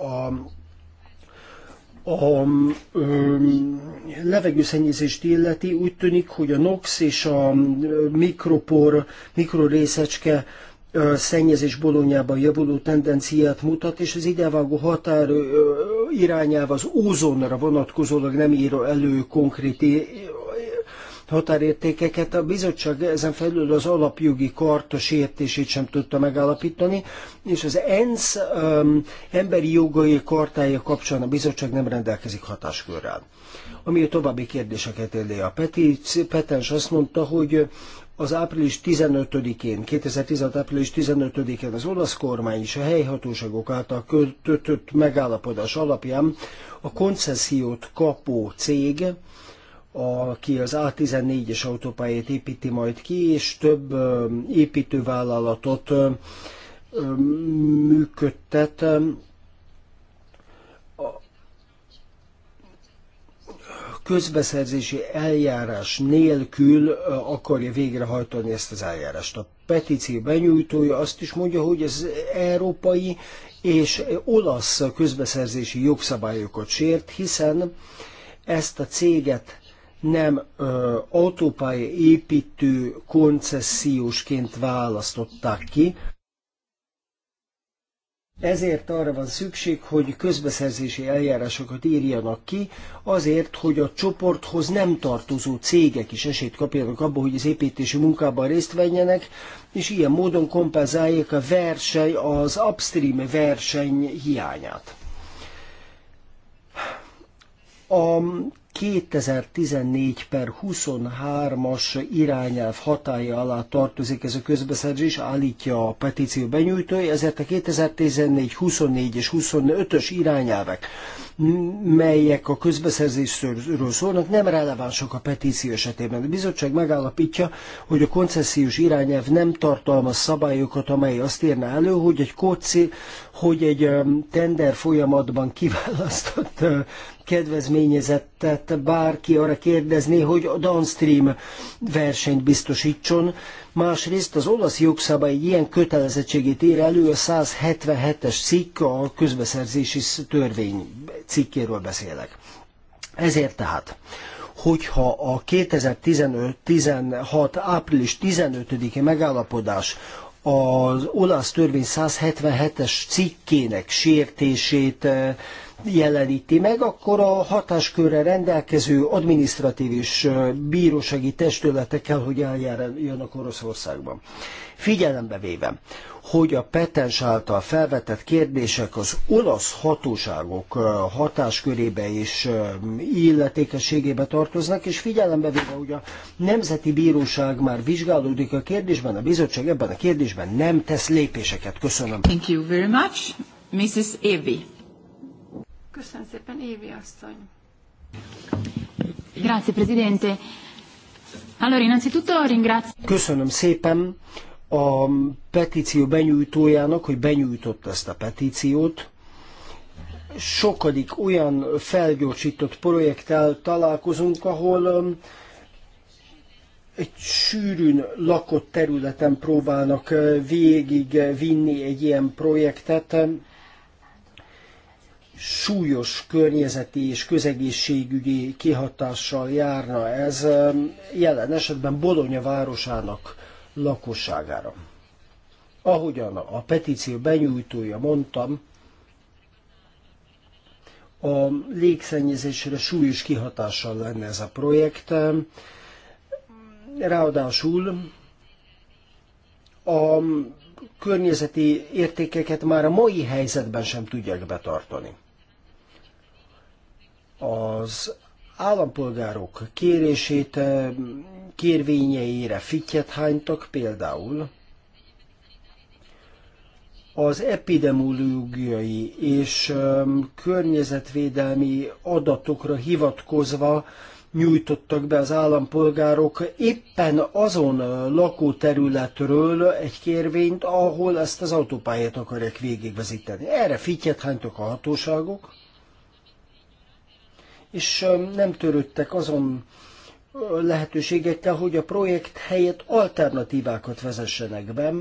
a a ö, levegőszennyezést illeti, úgy tűnik, hogy a NOx és a mikropor, mikrorészecske szennyezés bolonyában javuló tendenciát mutat, és az idevágó határ irányába az ózonra vonatkozólag nem ír elő konkrét határértékeket, a bizottság ezen felül az alapjogi karta sértését sem tudta megállapítani, és az ENSZ um, emberi jogai kartája kapcsán a bizottság nem rendelkezik hatáskörrel. Ami a további kérdéseket illé a Peti, petens azt mondta, hogy az április 15-én, 2016. április 15-én az olasz kormány és a helyhatóságok által kötött megállapodás alapján a koncesziót kapó cég aki az A14-es autópályát építi majd ki, és több építővállalatot működtet. közbeszerzési eljárás nélkül akarja végrehajtani ezt az eljárást. A petíció benyújtója azt is mondja, hogy ez európai és olasz közbeszerzési jogszabályokat sért, hiszen ezt a céget nem ö, autópálya építő koncessziósként választották ki. Ezért arra van szükség, hogy közbeszerzési eljárásokat írjanak ki, azért, hogy a csoporthoz nem tartozó cégek is esélyt kapjanak abba, hogy az építési munkában részt venjenek, és ilyen módon kompenzálják a verseny, az upstream verseny hiányát. A 2014 per 23-as irányelv hatája alá tartozik ez a közbeszerzés, állítja a petíció benyújtója, ezért a 2014, 24 és 25-ös irányelvek, melyek a közbeszerzésről szólnak, nem relevánsak a petíció esetében. A bizottság megállapítja, hogy a koncesziós irányelv nem tartalmaz szabályokat, amely azt írna elő, hogy egy kocsi, hogy egy um, tender folyamatban kiválasztott uh, kedvezményezettet bárki arra kérdezni, hogy a downstream versenyt biztosítson. Másrészt az olasz jogszabály egy ilyen kötelezettségét ér elő a 177-es cikk, a közbeszerzési törvény cikkéről beszélek. Ezért tehát hogyha a 2015-16 április 15-i megállapodás az olasz törvény 177-es cikkének sértését eh, jeleníti meg, akkor a hatáskörre rendelkező adminisztratív és bírósági testületekkel, hogy eljárjanak Oroszországban. Figyelembe véve, hogy a petens által felvetett kérdések az olasz hatóságok hatáskörébe és illetékességébe tartoznak, és figyelembe véve, hogy a Nemzeti Bíróság már vizsgálódik a kérdésben, a bizottság ebben a kérdésben nem tesz lépéseket. Köszönöm. Thank you very much, Mrs. Köszönöm szépen, Évi asszony. Grazie, Presidente. Allora, innanzitutto ringrazio. Köszönöm szépen a petíció benyújtójának, hogy benyújtott ezt a petíciót. Sokadik olyan felgyorsított projekttel találkozunk, ahol um, egy sűrűn lakott területen próbálnak uh, végig vinni egy ilyen projektet, súlyos környezeti és közegészségügyi kihatással járna ez jelen esetben Bologna városának lakosságára. Ahogyan a petíció benyújtója mondtam, a légszennyezésre súlyos kihatással lenne ez a projekt. Ráadásul a környezeti értékeket már a mai helyzetben sem tudják betartani az állampolgárok kérését, eh, kérvényeire fityet hánytak például az epidemiológiai és eh, környezetvédelmi adatokra hivatkozva nyújtottak be az állampolgárok éppen azon eh, lakóterületről egy kérvényt, ahol ezt az autópályát akarják végigvezíteni. Erre fityet hánytak a hatóságok, és nem törődtek azon lehetőségekkel, hogy a projekt helyett alternatívákat vezessenek be.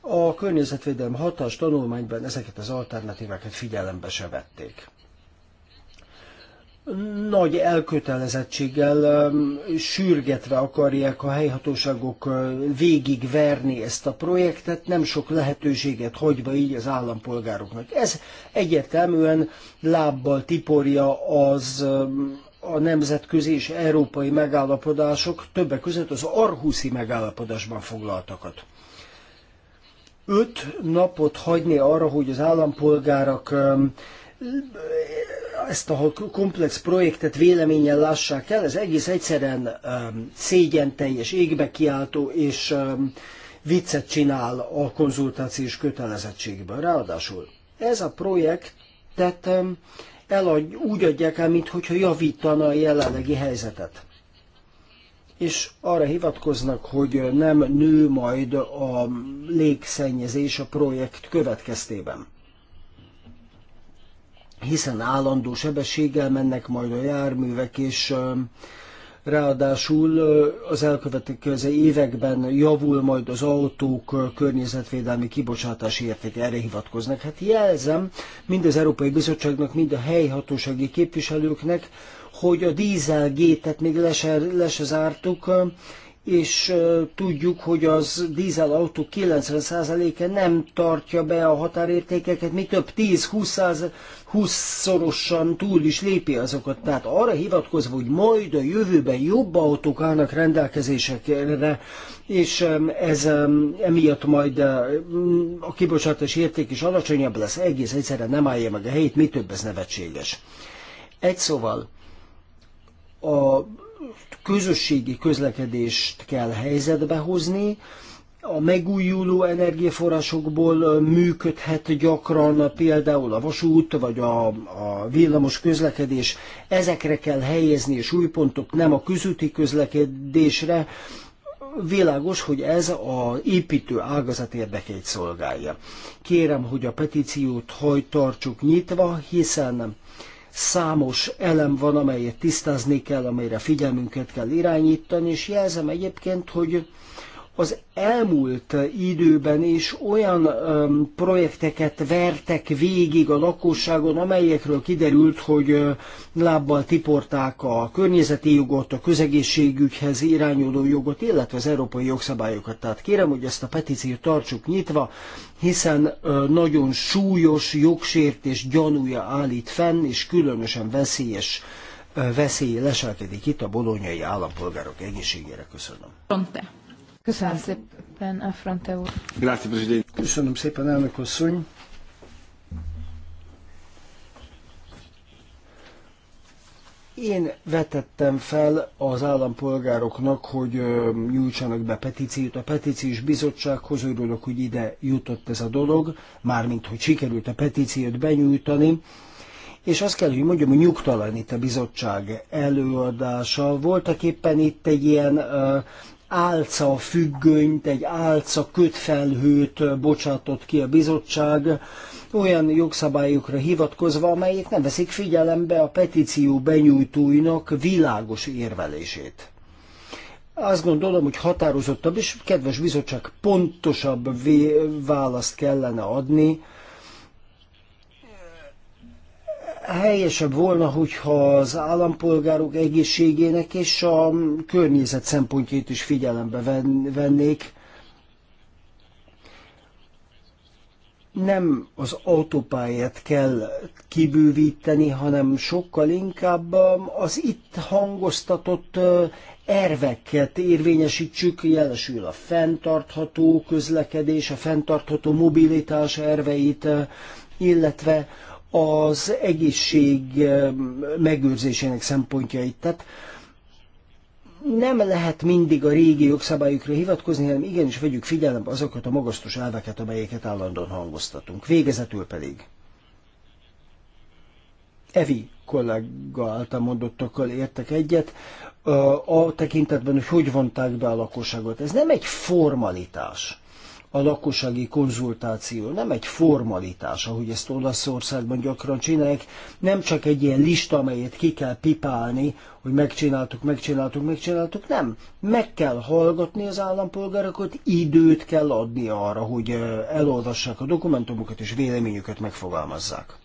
A környezetvédelmi hatás tanulmányban ezeket az alternatívákat figyelembe se vették nagy elkötelezettséggel um, sürgetve akarják a helyhatóságok uh, végigverni ezt a projektet, nem sok lehetőséget hagyva így az állampolgároknak. Ez egyértelműen lábbal tiporja az um, a nemzetközi és európai megállapodások, többek között az Arhuszi megállapodásban foglaltakat öt napot hagyni arra, hogy az állampolgárok um, ezt a komplex projektet véleményen lássák el, ez egész egyszerűen um, szégyen teljes, égbe kiáltó, és um, viccet csinál a konzultációs kötelezettségből. Ráadásul ez a projekt, tehát um, elad, úgy adják el, mintha javítana a jelenlegi helyzetet. És arra hivatkoznak, hogy nem nő majd a légszennyezés a projekt következtében hiszen állandó sebességgel mennek majd a járművek, és Ráadásul az elkövetkező években javul majd az autók környezetvédelmi kibocsátási értéke, erre hivatkoznak. Hát jelzem mind az Európai Bizottságnak, mind a helyhatósági képviselőknek, hogy a dízelgétet még le se, le se zártuk, és tudjuk, hogy az dízelautó 90%-e nem tartja be a határértékeket, mi több 10-20-szorosan túl is lépi azokat. Tehát arra hivatkozva, hogy majd a jövőben jobb autók állnak rendelkezésekre, és ez emiatt majd a kibocsátás érték is alacsonyabb lesz, egész egyszerűen nem állja meg a helyét, mi több ez nevetséges. Egy szóval, a közösségi közlekedést kell helyzetbe hozni, a megújuló energiaforrásokból működhet gyakran például a vasút vagy a, a villamos közlekedés. Ezekre kell helyezni és új pontok, nem a közúti közlekedésre. Világos, hogy ez az építő ágazat érdekeit szolgálja. Kérem, hogy a petíciót hajtartsuk nyitva, hiszen számos elem van, amelyet tisztázni kell, amelyre figyelmünket kell irányítani, és jelzem egyébként, hogy az elmúlt időben is olyan öm, projekteket vertek végig a lakosságon, amelyekről kiderült, hogy ö, lábbal tiporták a környezeti jogot, a közegészségügyhez irányuló jogot, illetve az európai jogszabályokat. Tehát kérem, hogy ezt a petíciót tartsuk nyitva, hiszen ö, nagyon súlyos jogsértés gyanúja állít fenn, és különösen veszélyes ö, veszély leselkedik itt a bolonyai állampolgárok egészségére. Köszönöm. Pronte. Köszönöm szépen, Affronte úr. Köszönöm szépen, elnök asszony. Én vetettem fel az állampolgároknak, hogy nyújtsanak be petíciót a petíciós bizottsághoz, örülök, hogy ide jutott ez a dolog, mármint, hogy sikerült a petíciót benyújtani, és azt kell, hogy mondjam, hogy nyugtalanít a bizottság előadása. Voltak éppen itt egy ilyen álca függönyt, egy álca kötfelhőt bocsátott ki a bizottság, olyan jogszabályokra hivatkozva, amelyek nem veszik figyelembe a petíció benyújtóinak világos érvelését. Azt gondolom, hogy határozottabb és kedves bizottság pontosabb választ kellene adni, helyesebb volna, hogyha az állampolgárok egészségének és a környezet szempontjait is figyelembe vennék. Nem az autópályát kell kibővíteni, hanem sokkal inkább um, az itt hangoztatott uh, erveket érvényesítsük, jelesül a fenntartható közlekedés, a fenntartható mobilitás erveit, uh, illetve az egészség megőrzésének szempontjait. Tehát nem lehet mindig a régi jogszabályokra hivatkozni, hanem igenis vegyük figyelembe azokat a magasztos elveket, amelyeket állandóan hangoztatunk. Végezetül pedig. Evi kollega által mondottakkal értek egyet, a tekintetben, hogy hogy vonták be a lakosságot. Ez nem egy formalitás a lakossági konzultáció nem egy formalitás, ahogy ezt Olaszországban gyakran csinálják, nem csak egy ilyen lista, amelyet ki kell pipálni, hogy megcsináltuk, megcsináltuk, megcsináltuk, nem. Meg kell hallgatni az állampolgárokat, időt kell adni arra, hogy elolvassák a dokumentumokat és véleményüket megfogalmazzák.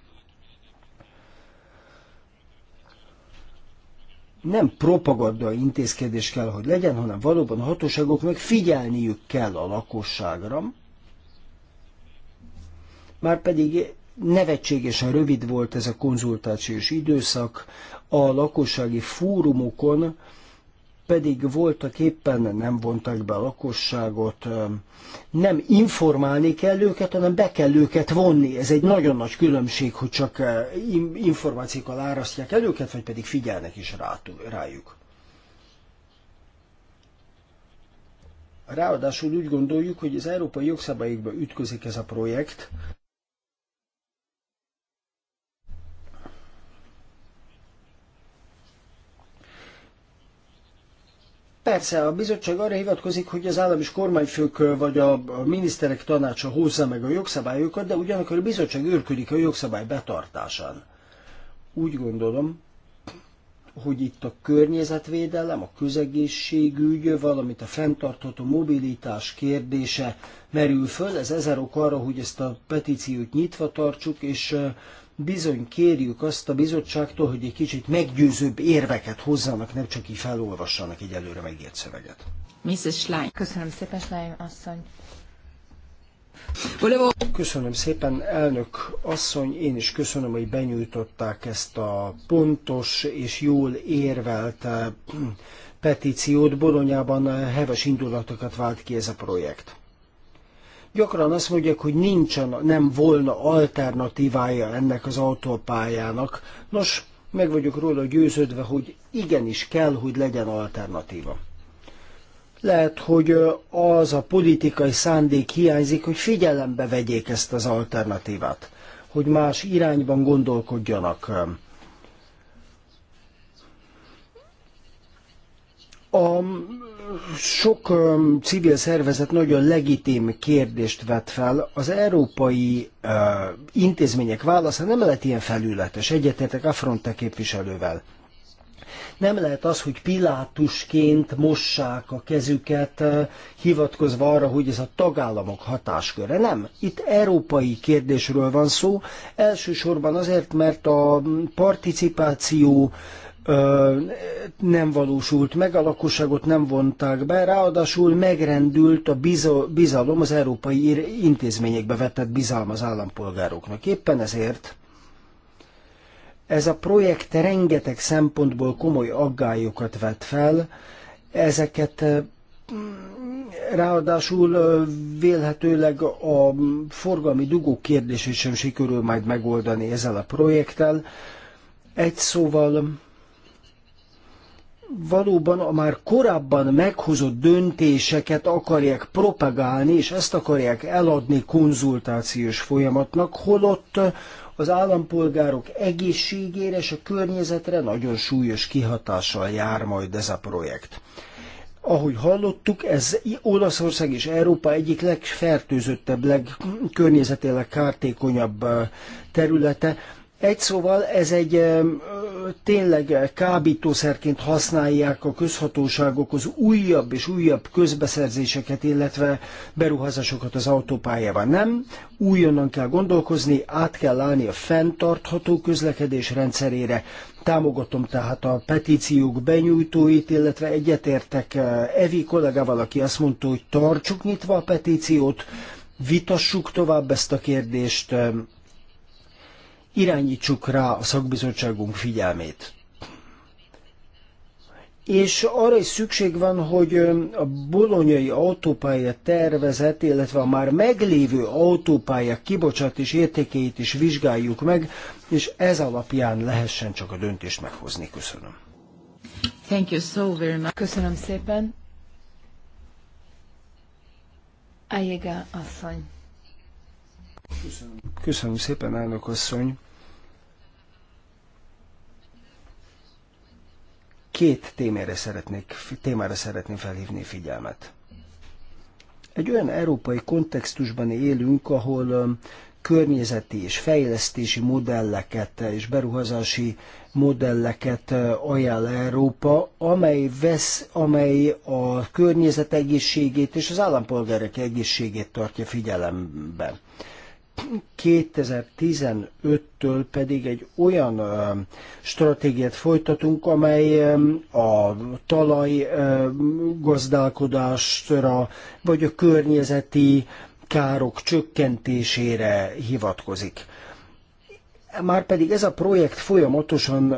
nem propaganda intézkedés kell, hogy legyen, hanem valóban a hatóságoknak figyelniük kell a lakosságra. Márpedig nevetségesen rövid volt ez a konzultációs időszak, a lakossági fórumokon pedig voltak éppen nem vontak be a lakosságot, nem informálni kell őket, hanem be kell őket vonni. Ez egy nagyon nagy különbség, hogy csak információkkal árasztják el őket, vagy pedig figyelnek is rájuk. Ráadásul úgy gondoljuk, hogy az európai jogszabályokba ütközik ez a projekt, Persze, a bizottság arra hivatkozik, hogy az állam és kormányfők vagy a miniszterek tanácsa hozza meg a jogszabályokat, de ugyanakkor a bizottság őrködik a jogszabály betartásán. Úgy gondolom, hogy itt a környezetvédelem, a közegészségügy, valamint a fenntartható mobilitás kérdése merül föl. Ez ezer ok arra, hogy ezt a petíciót nyitva tartsuk, és bizony kérjük azt a bizottságtól, hogy egy kicsit meggyőzőbb érveket hozzanak, nem csak így felolvassanak egy előre megért szöveget. Mrs. Schlein. Köszönöm szépen, Schlein asszony. Köszönöm szépen, elnök asszony, én is köszönöm, hogy benyújtották ezt a pontos és jól érvelt eh, petíciót. Bolonyában heves indulatokat vált ki ez a projekt. Gyakran azt mondják, hogy nincsen, nem volna alternatívája ennek az autópályának. Nos, meg vagyok róla győződve, hogy igenis kell, hogy legyen alternatíva. Lehet, hogy az a politikai szándék hiányzik, hogy figyelembe vegyék ezt az alternatívát, hogy más irányban gondolkodjanak. A sok civil szervezet nagyon legitim kérdést vet fel. Az európai uh, intézmények válasza nem lehet ilyen felületes. Egyetértek Affronte képviselővel. Nem lehet az, hogy pilátusként mossák a kezüket, hivatkozva arra, hogy ez a tagállamok hatásköre. Nem, itt európai kérdésről van szó, elsősorban azért, mert a participáció nem valósult meg, a lakosságot nem vonták be, ráadásul megrendült a bizalom, az európai intézményekbe vetett bizalom az állampolgároknak. Éppen ezért ez a projekt rengeteg szempontból komoly aggályokat vet fel, ezeket ráadásul vélhetőleg a forgalmi dugók kérdését sem sikerül majd megoldani ezzel a projekttel. Egy szóval valóban a már korábban meghozott döntéseket akarják propagálni, és ezt akarják eladni konzultációs folyamatnak, holott az állampolgárok egészségére és a környezetre nagyon súlyos kihatással jár majd ez a projekt. Ahogy hallottuk, ez Olaszország és Európa egyik legfertőzöttebb, legkörnyezetileg kártékonyabb területe. Egy szóval ez egy tényleg kábítószerként használják a közhatóságok az újabb és újabb közbeszerzéseket, illetve beruházásokat az autópályában. Nem, újonnan kell gondolkozni, át kell állni a fenntartható közlekedés rendszerére. Támogatom tehát a petíciók benyújtóit, illetve egyetértek Evi kollégával, aki azt mondta, hogy tartsuk nyitva a petíciót, vitassuk tovább ezt a kérdést, irányítsuk rá a szakbizottságunk figyelmét. És arra is szükség van, hogy a bolonyai autópálya tervezet, illetve a már meglévő autópálya kibocsát és értékeit is vizsgáljuk meg, és ez alapján lehessen csak a döntést meghozni. Köszönöm. Thank you so very much. Köszönöm szépen. Ajega asszony. Köszönöm. Köszönöm szépen, elnök asszony. Két témára szeretnék, témára szeretném felhívni figyelmet. Egy olyan európai kontextusban élünk, ahol um, környezeti és fejlesztési modelleket és beruházási modelleket uh, ajánl Európa, amely, vesz, amely a környezet egészségét és az állampolgárok egészségét tartja figyelembe. 2015-től pedig egy olyan stratégiát folytatunk, amely a talaj gazdálkodásra, vagy a környezeti károk csökkentésére hivatkozik. Márpedig ez a projekt folyamatosan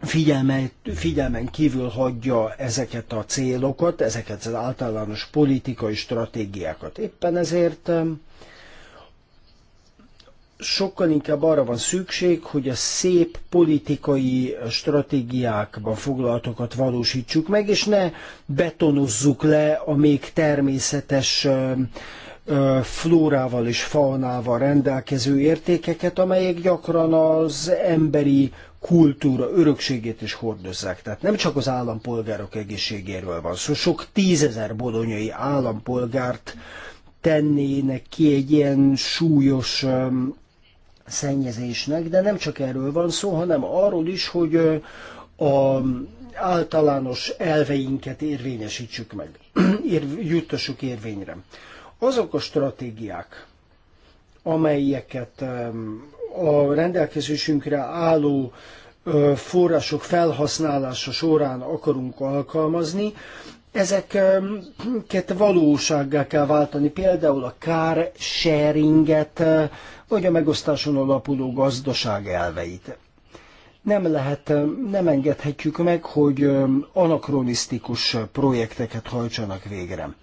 figyelmen, figyelmen kívül hagyja ezeket a célokat, ezeket az általános politikai stratégiákat. Éppen ezért sokkal inkább arra van szükség, hogy a szép politikai stratégiákban foglaltokat valósítsuk meg, és ne betonozzuk le a még természetes flórával és faunával rendelkező értékeket, amelyek gyakran az emberi kultúra örökségét is hordozzák. Tehát nem csak az állampolgárok egészségéről van szó, szóval sok tízezer bolonyai állampolgárt tennének ki egy ilyen súlyos szennyezésnek, de nem csak erről van szó, hanem arról is, hogy a általános elveinket érvényesítsük meg, <clears throat> juttassuk érvényre. Azok a stratégiák, amelyeket a rendelkezésünkre álló források felhasználása során akarunk alkalmazni, ezeket valósággá kell váltani, például a car sharinget, vagy a megosztáson alapuló gazdaság elveit. Nem lehet, nem engedhetjük meg, hogy anakronisztikus projekteket hajtsanak végre.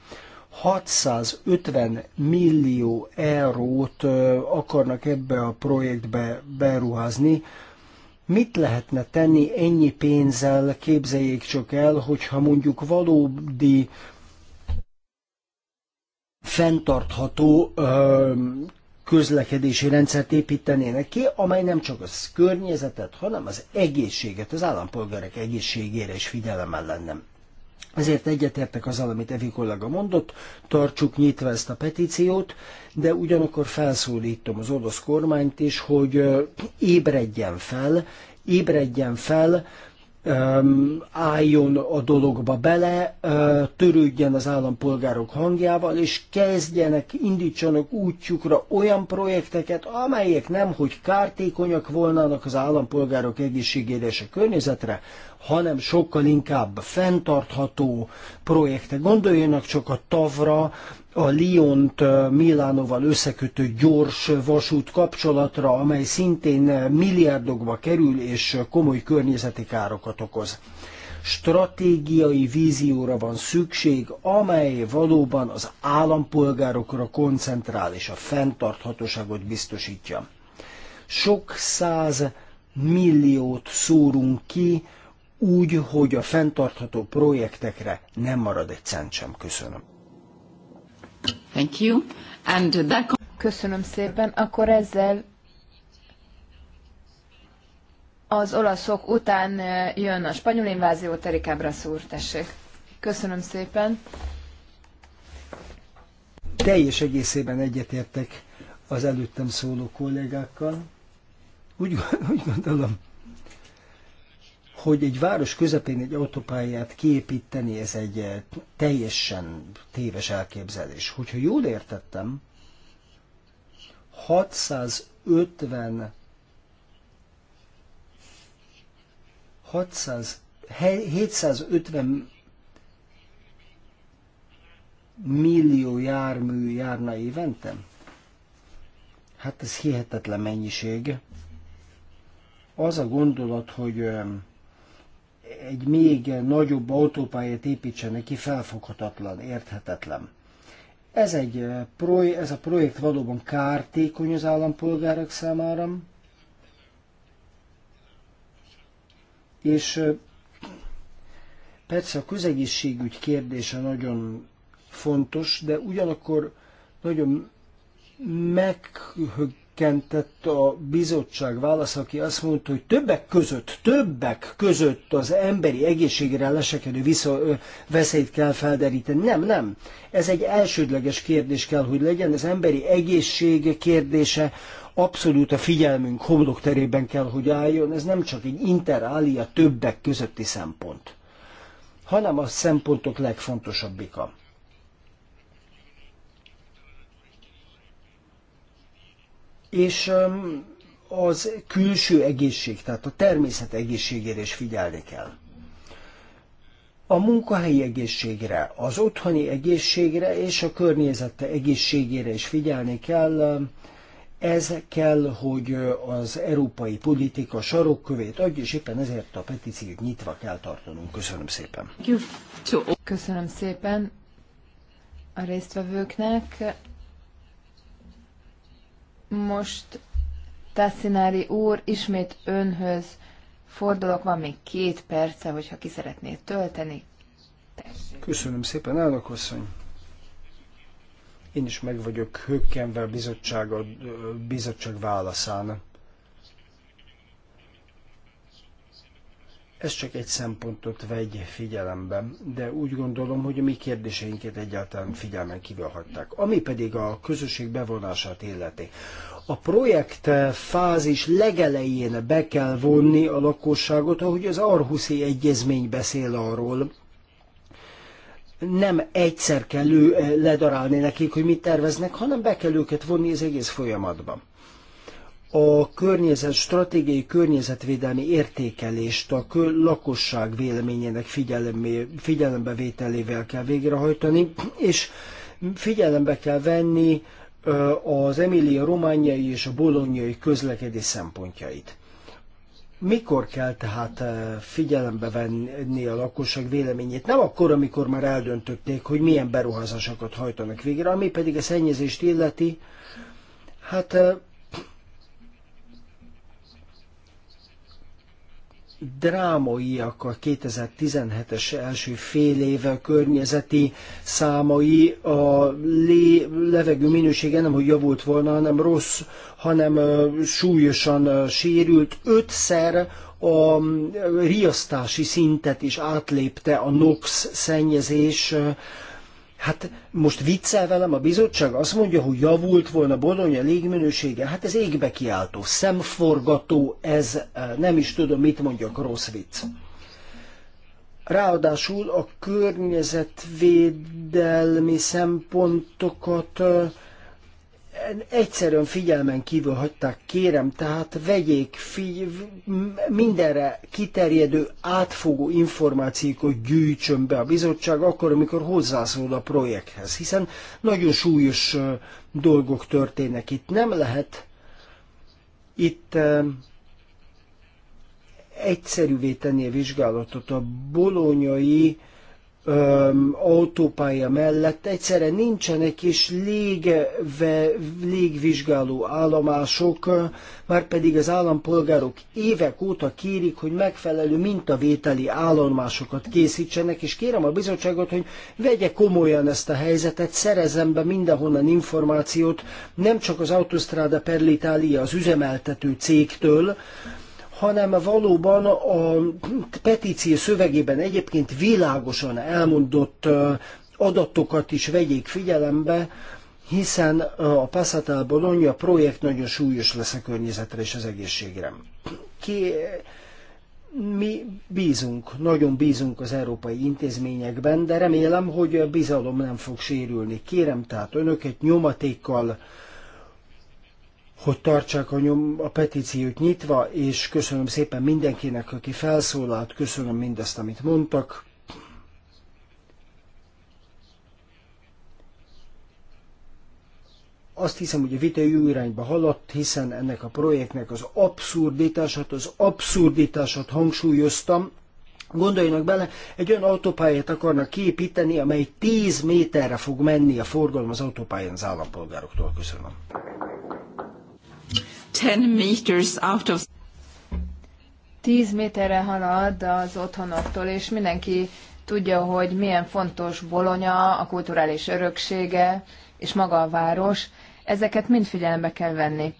650 millió eurót akarnak ebbe a projektbe beruházni, Mit lehetne tenni ennyi pénzzel, képzeljék csak el, hogyha mondjuk valódi fenntartható ö, közlekedési rendszert építenének ki, amely nem csak az környezetet, hanem az egészséget, az állampolgárok egészségére is figyelemmel lenne. Ezért egyetértek azzal, amit Evi kollega mondott, tartsuk nyitva ezt a petíciót, de ugyanakkor felszólítom az orosz kormányt is, hogy ébredjen fel, ébredjen fel, álljon a dologba bele, törődjen az állampolgárok hangjával, és kezdjenek, indítsanak útjukra olyan projekteket, amelyek nem, hogy kártékonyak volnának az állampolgárok egészségére és a környezetre, hanem sokkal inkább fenntartható projektek. Gondoljanak csak a tavra, a Lyont Milánóval összekötő gyors vasút kapcsolatra, amely szintén milliárdokba kerül és komoly környezeti károkat okoz. Stratégiai vízióra van szükség, amely valóban az állampolgárokra koncentrál és a fenntarthatóságot biztosítja. Sok száz milliót szórunk ki, úgy, hogy a fenntartható projektekre nem marad egy cent sem. Köszönöm. Thank you. And that... Köszönöm szépen. Akkor ezzel az olaszok után eh, jön a spanyol invázió, Terik Ábrasz tessék. Köszönöm szépen. Teljes egészében egyetértek az előttem szóló kollégákkal. Úgy, <laughs> úgy gondolom, hogy egy város közepén egy autópályát kiépíteni, ez egy eh, teljesen téves elképzelés. Hogyha jól értettem, 650 600, 750 millió jármű járna évente? Hát ez hihetetlen mennyiség. Az a gondolat, hogy eh, egy még nagyobb autópályát építsenek ki, felfoghatatlan, érthetetlen. Ez, egy, eh, ez a projekt valóban kártékony az állampolgárok számára, és eh, persze a közegészségügy kérdése nagyon fontos, de ugyanakkor nagyon meghög, megdökkentett a bizottság válasz, aki azt mondta, hogy többek között, többek között az emberi egészségre lesekedő vissza, ö, veszélyt kell felderíteni. Nem, nem. Ez egy elsődleges kérdés kell, hogy legyen. Az emberi egészség kérdése abszolút a figyelmünk homlokterében kell, hogy álljon. Ez nem csak egy interália többek közötti szempont, hanem a szempontok legfontosabbika. és az külső egészség, tehát a természet egészségére is figyelni kell. A munkahelyi egészségre, az otthoni egészségre és a környezete egészségére is figyelni kell. Ez kell, hogy az európai politika sarokkövét adja, és éppen ezért a petíciót nyitva kell tartanunk. Köszönöm szépen. Köszönöm szépen a résztvevőknek. Most Tassinári úr, ismét önhöz fordulok, van még két perce, hogyha ki szeretné tölteni. Tessék. Köszönöm szépen, elnök asszony. Én is meg vagyok hökkenve a bizottság, a bizottság válaszán Ez csak egy szempontot vegy figyelembe, de úgy gondolom, hogy a mi kérdéseinket egyáltalán figyelmen kívül hagyták. Ami pedig a közösség bevonását illeti. A projekt fázis legelején be kell vonni a lakosságot, ahogy az Arhuszi Egyezmény beszél arról, nem egyszer kell eh, ledarálni nekik, hogy mit terveznek, hanem be kell őket vonni az egész folyamatban a környezet, stratégiai környezetvédelmi értékelést a lakosság véleményének figyelembevételével kell végrehajtani, és figyelembe kell venni az Emilia romániai és a bolonyai közlekedés szempontjait. Mikor kell tehát figyelembe venni a lakosság véleményét? Nem akkor, amikor már eldöntötték, hogy milyen beruházásokat hajtanak végre, ami pedig a szennyezést illeti, hát drámaiak a 2017-es első fél éve környezeti számai, a lé, levegő minősége nem, hogy javult volna, hanem rossz, hanem súlyosan sérült. Ötszer a riasztási szintet is átlépte a NOx szennyezés, Hát most viccel velem a bizottság, azt mondja, hogy javult volna Bologna légminősége. Hát ez égbe kiáltó, szemforgató, ez eh, nem is tudom, mit mondjak, rossz vicc. Ráadásul a környezetvédelmi szempontokat eh, egyszerűen figyelmen kívül hagyták, kérem, tehát vegyék figy- mindenre kiterjedő, átfogó információkat gyűjtsön be a bizottság, akkor, amikor hozzászól a projekthez, hiszen nagyon súlyos dolgok történnek itt. Nem lehet itt egyszerűvé tenni a vizsgálatot. A bolonyai öm, autópálya mellett egyszerre nincsenek is légve, légvizsgáló állomások, már pedig az állampolgárok évek óta kérik, hogy megfelelő mintavételi állomásokat készítsenek, és kérem a bizottságot, hogy vegye komolyan ezt a helyzetet, szerezzen be mindenhonnan információt, nem csak az Autostrada per l'Italia, az üzemeltető cégtől, hanem valóban a petíció szövegében egyébként világosan elmondott adatokat is vegyék figyelembe, hiszen a Passatel Bologna projekt nagyon súlyos lesz a környezetre és az egészségre. Ki, mi bízunk, nagyon bízunk az európai intézményekben, de remélem, hogy a bizalom nem fog sérülni. Kérem tehát önöket nyomatékkal hogy tartsák a, nyom, a petíciót nyitva, és köszönöm szépen mindenkinek, aki felszólalt, köszönöm mindazt, amit mondtak. Azt hiszem, hogy a vita jó irányba haladt, hiszen ennek a projektnek az abszurditását, az abszurditását hangsúlyoztam, Gondoljanak bele, egy olyan autópályát akarnak kiépíteni, amely 10 méterre fog menni a forgalom az autópályán az állampolgároktól. Köszönöm. 10 meters out of méterre halad az otthonoktól, és mindenki tudja, hogy milyen fontos Bolonya, a kulturális öröksége, és maga a város. Ezeket mind figyelembe kell venni.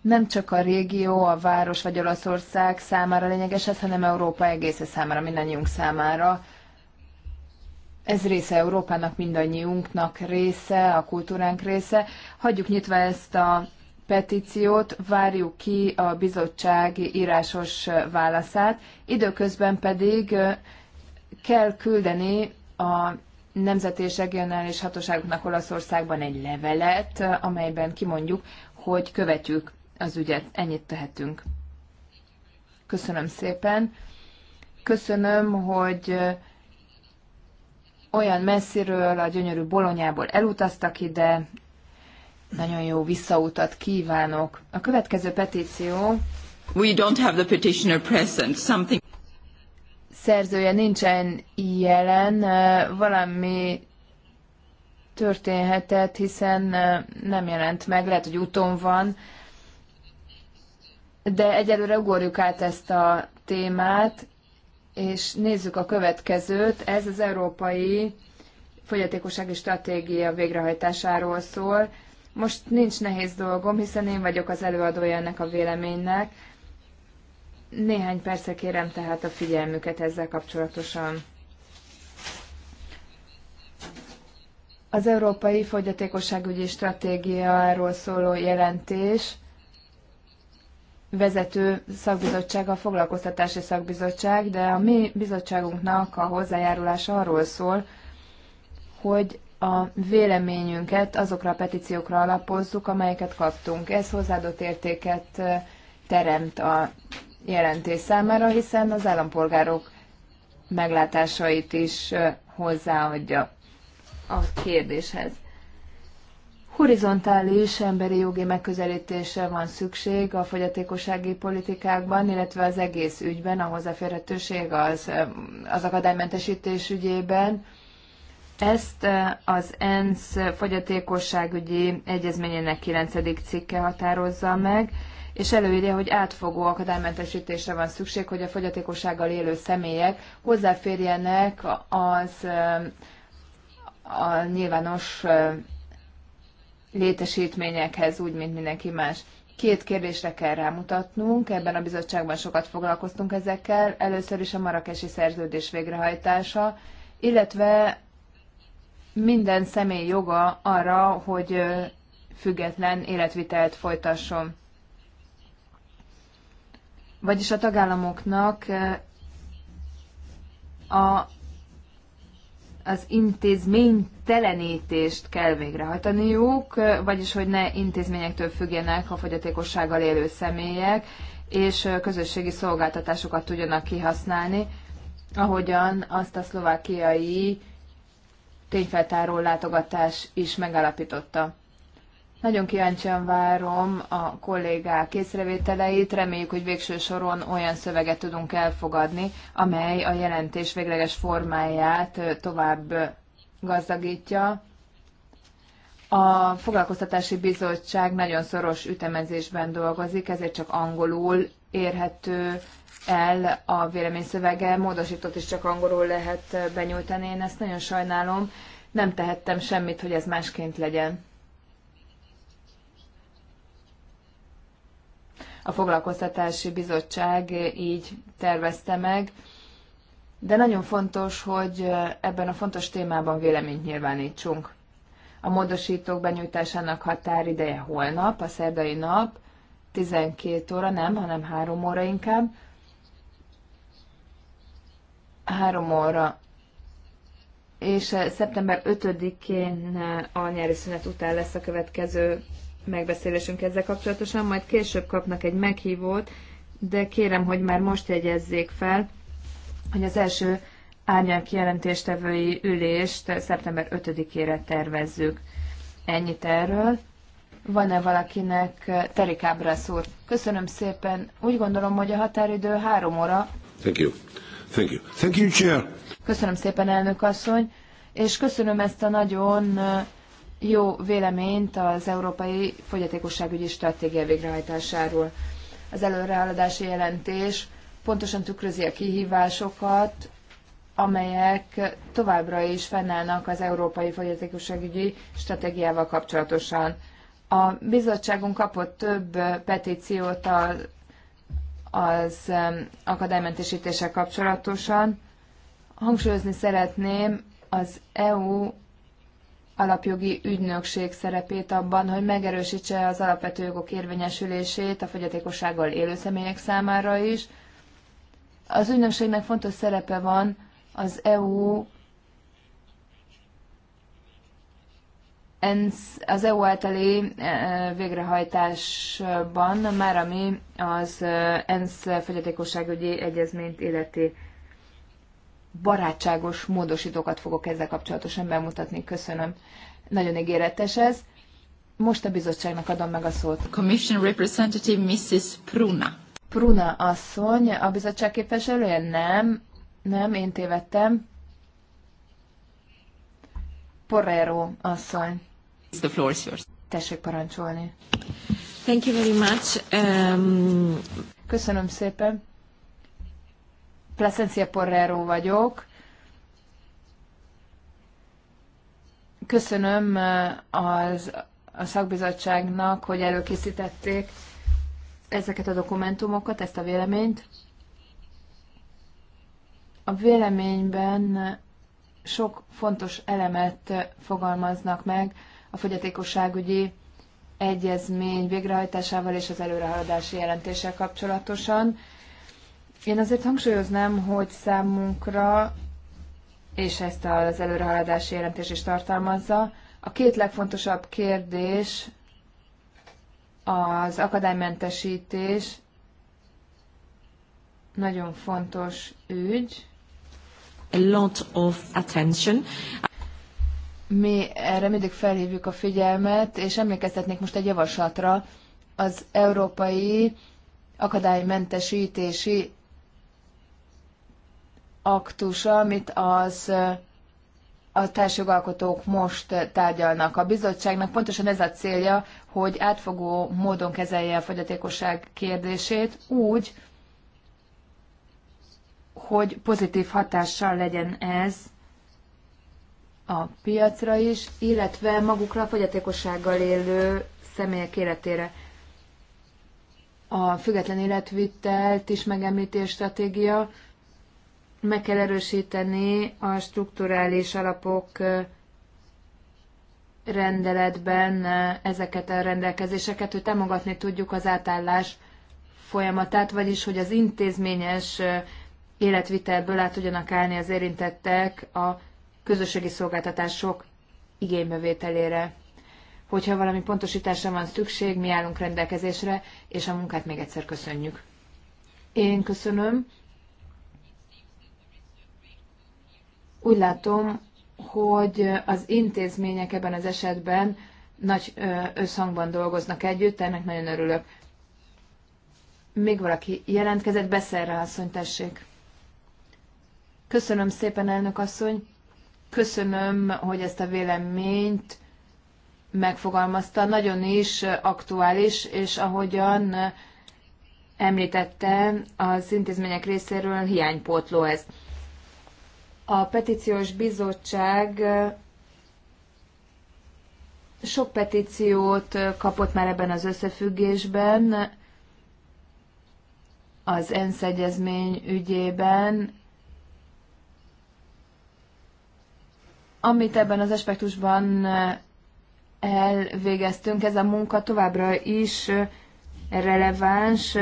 Nem csak a régió, a város vagy Olaszország számára lényeges ez, hanem Európa egésze számára, mindannyiunk számára. Ez része Európának, mindannyiunknak része, a kultúránk része. Hagyjuk nyitva ezt a petíciót, várjuk ki a bizottság írásos válaszát, időközben pedig kell küldeni a nemzeti és regionális hatóságoknak Olaszországban egy levelet, amelyben kimondjuk, hogy követjük az ügyet. Ennyit tehetünk. Köszönöm szépen. Köszönöm, hogy olyan messziről, a gyönyörű Bolonyából elutaztak ide, nagyon jó visszautat kívánok. A következő petíció... We don't have the petitioner present. Something... Szerzője nincsen jelen, valami történhetett, hiszen nem jelent meg, lehet, hogy úton van, de egyelőre ugorjuk át ezt a témát, és nézzük a következőt. Ez az Európai Fogyatékossági Stratégia végrehajtásáról szól. Most nincs nehéz dolgom, hiszen én vagyok az előadója ennek a véleménynek. Néhány percre kérem tehát a figyelmüket ezzel kapcsolatosan. Az Európai Fogyatékosságügyi Stratégiáról szóló jelentés vezető szakbizottság a Foglalkoztatási Szakbizottság, de a mi bizottságunknak a hozzájárulása arról szól, hogy a véleményünket azokra a petíciókra alapozzuk, amelyeket kaptunk. Ez hozzáadott értéket teremt a jelentés számára, hiszen az állampolgárok meglátásait is hozzáadja a kérdéshez. Horizontális emberi jogi megközelítésre van szükség a fogyatékossági politikákban, illetve az egész ügyben, a hozzáférhetőség, az, az akadálymentesítés ügyében, ezt az ENSZ fogyatékosságügyi egyezményének 9. cikke határozza meg, és előírja, hogy átfogó akadálymentesítésre van szükség, hogy a fogyatékossággal élő személyek hozzáférjenek az a nyilvános létesítményekhez, úgy, mint mindenki más. Két kérdésre kell rámutatnunk, ebben a bizottságban sokat foglalkoztunk ezekkel. Először is a marakesi szerződés végrehajtása, illetve minden személy joga arra, hogy független életvitelt folytasson. Vagyis a tagállamoknak a, az intézménytelenítést kell végrehajtaniuk, vagyis hogy ne intézményektől függjenek a fogyatékossággal élő személyek, és közösségi szolgáltatásokat tudjanak kihasználni, ahogyan azt a szlovákiai tényfeltáró látogatás is megállapította. Nagyon kíváncsian várom a kollégák észrevételeit, reméljük, hogy végső soron olyan szöveget tudunk elfogadni, amely a jelentés végleges formáját tovább gazdagítja. A Foglalkoztatási Bizottság nagyon szoros ütemezésben dolgozik, ezért csak angolul érhető el a véleményszövege, módosított is csak angolul lehet benyújtani, én ezt nagyon sajnálom, nem tehettem semmit, hogy ez másként legyen. A foglalkoztatási bizottság így tervezte meg, de nagyon fontos, hogy ebben a fontos témában véleményt nyilvánítsunk. A módosítók benyújtásának határideje holnap, a szerdai nap, 12 óra, nem, hanem 3 óra inkább, 3 óra. És eh, szeptember 5-én eh, a nyári szünet után lesz a következő megbeszélésünk ezzel kapcsolatosan, majd később kapnak egy meghívót, de kérem, hogy már most jegyezzék fel, hogy az első árnyalk jelentéstevői ülést eh, szeptember 5-ére tervezzük. Ennyit erről. Van-e valakinek terikábra szúr? Köszönöm szépen. Úgy gondolom, hogy a határidő három óra. Thank you. Thank you. Thank you, Chair. Köszönöm szépen, elnök asszony, és köszönöm ezt a nagyon jó véleményt az Európai Fogyatékosságügyi Stratégia végrehajtásáról. Az előrehaladási jelentés pontosan tükrözi a kihívásokat, amelyek továbbra is fennállnak az Európai Fogyatékosságügyi Stratégiával kapcsolatosan. A bizottságunk kapott több petíciót az az akadálymentesítéssel kapcsolatosan. Hangsúlyozni szeretném az EU alapjogi ügynökség szerepét abban, hogy megerősítse az alapvető jogok érvényesülését a fogyatékossággal élő személyek számára is. Az ügynökségnek fontos szerepe van az EU ENSZ, az EU általi e, végrehajtásban, már ami az e, ENSZ fogyatékosságügyi egyezményt illeti barátságos módosítókat fogok ezzel kapcsolatosan bemutatni. Köszönöm. Nagyon ígéretes ez. Most a bizottságnak adom meg a szót. Commission Representative Mrs. Pruna. Pruna asszony, a bizottság képviselője? Nem, nem, én tévedtem. Porrero asszony. The floor is yours. Tessék parancsolni. Thank you very much. Um... Köszönöm szépen. Placencia Porrero vagyok. Köszönöm uh, az, a szakbizottságnak, hogy előkészítették ezeket a dokumentumokat, ezt a véleményt. A véleményben sok fontos elemet fogalmaznak meg a fogyatékosságügyi egyezmény végrehajtásával és az előrehaladási jelentéssel kapcsolatosan. Én azért hangsúlyoznám, hogy számunkra, és ezt az előrehaladási jelentés is tartalmazza, a két legfontosabb kérdés az akadálymentesítés, nagyon fontos ügy, lot of attention. Mi erre mindig felhívjuk a figyelmet, és emlékeztetnék most egy javaslatra az Európai Akadálymentesítési aktusa, amit az a társjogalkotók most tárgyalnak. A bizottságnak pontosan ez a célja, hogy átfogó módon kezelje a fogyatékosság kérdését úgy, hogy pozitív hatással legyen ez a piacra is, illetve magukra a fogyatékossággal élő személyek életére. A független életvitelt is megemlítés stratégia, meg kell erősíteni a strukturális alapok rendeletben ezeket a rendelkezéseket, hogy támogatni tudjuk az átállás folyamatát, vagyis hogy az intézményes életvitelből át tudjanak állni az érintettek a közösségi szolgáltatások igénybevételére. Hogyha valami pontosításra van szükség, mi állunk rendelkezésre, és a munkát még egyszer köszönjük. Én köszönöm. Úgy látom, hogy az intézmények ebben az esetben nagy összhangban dolgoznak együtt, ennek nagyon örülök. Még valaki jelentkezett, beszélre asszony, tessék. Köszönöm szépen, elnök asszony. Köszönöm, hogy ezt a véleményt megfogalmazta. Nagyon is aktuális, és ahogyan említette, az intézmények részéről hiánypótló ez. A petíciós bizottság sok petíciót kapott már ebben az összefüggésben, az ENSZ egyezmény ügyében, Amit ebben az aspektusban eh, elvégeztünk, ez a munka továbbra is eh, releváns.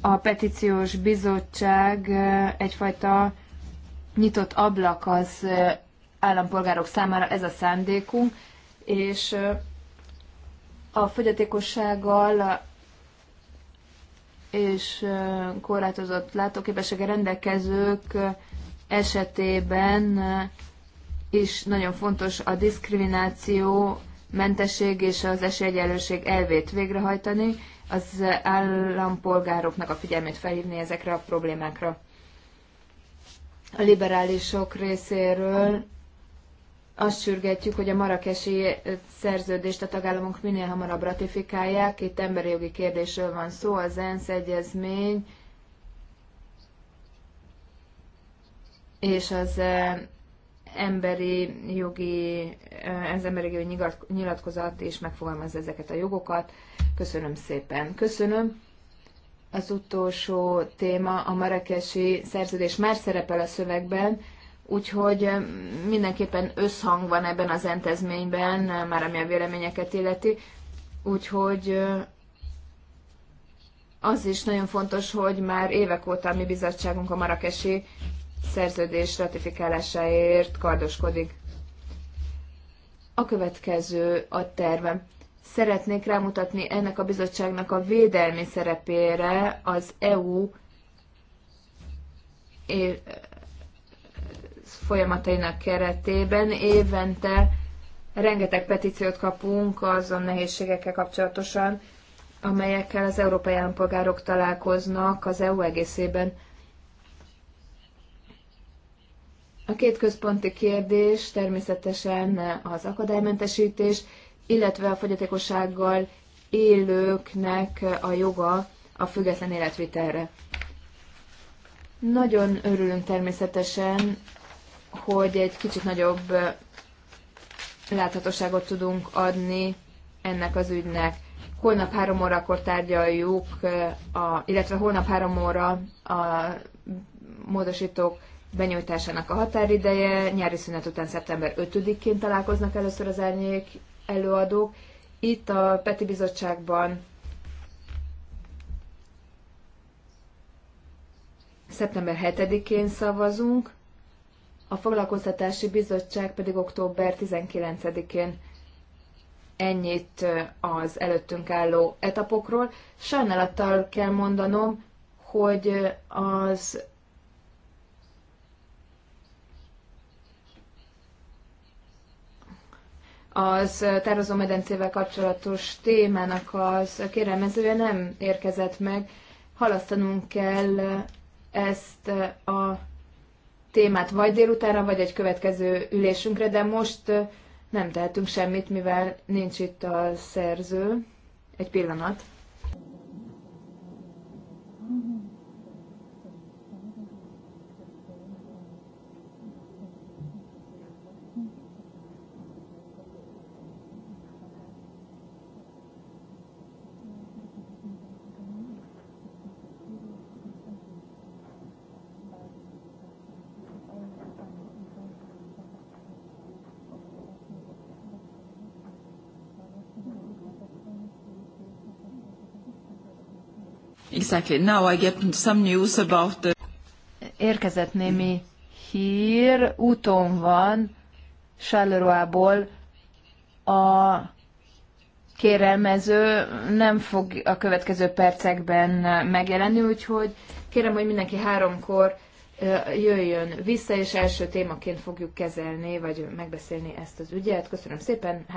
A petíciós bizottság eh, egyfajta nyitott ablak az állampolgárok számára, ez a szándékunk, és a fogyatékossággal és korlátozott látóképessége rendelkezők esetében is nagyon fontos a diszkrimináció mentesség és az esélyegyenlőség elvét végrehajtani, az állampolgároknak a figyelmét felhívni ezekre a problémákra. A liberálisok részéről azt sürgetjük, hogy a marakesi szerződést a tagállamok minél hamarabb ratifikálják. Itt emberi jogi kérdésről van szó, az ENSZ egyezmény és az eh, emberi jogi, ez emberi jogi nyilatkozat és megfogalmazza ezeket a jogokat. Köszönöm szépen. Köszönöm. Az utolsó téma a marekesi szerződés már szerepel a szövegben, úgyhogy mindenképpen összhang van ebben az entezményben, már ami a véleményeket illeti. Úgyhogy az is nagyon fontos, hogy már évek óta a mi bizottságunk a marakesi szerződés ratifikálásáért kardoskodik. A következő a tervem. Szeretnék rámutatni ennek a bizottságnak a védelmi szerepére az EU folyamatainak keretében évente rengeteg petíciót kapunk azon nehézségekkel kapcsolatosan, amelyekkel az európai állampolgárok találkoznak az EU egészében. A két központi kérdés természetesen az akadálymentesítés, illetve a fogyatékossággal élőknek a joga a független életvitelre. Nagyon örülünk természetesen, hogy egy kicsit nagyobb láthatóságot tudunk adni ennek az ügynek. Holnap három órakor tárgyaljuk, a, illetve holnap három óra a módosítók benyújtásának a határideje, nyári szünet után szeptember 5-én találkoznak először az elnyék előadók. Itt a Peti Bizottságban szeptember 7-én szavazunk, a Foglalkoztatási Bizottság pedig október 19-én ennyit az előttünk álló etapokról. Sajnálattal kell mondanom, hogy az az medencével kapcsolatos témának az kérelmezője nem érkezett meg. Halasztanunk kell ezt a témát vagy délutára, vagy egy következő ülésünkre, de most nem tehetünk semmit, mivel nincs itt a szerző. Egy pillanat. Exactly. Now I get some news about the... Érkezett némi hír, úton van Charleroi-ból a kérelmező nem fog a következő percekben megjelenni, úgyhogy kérem, hogy mindenki háromkor jöjjön vissza, és első témaként fogjuk kezelni, vagy megbeszélni ezt az ügyet. Köszönöm szépen, három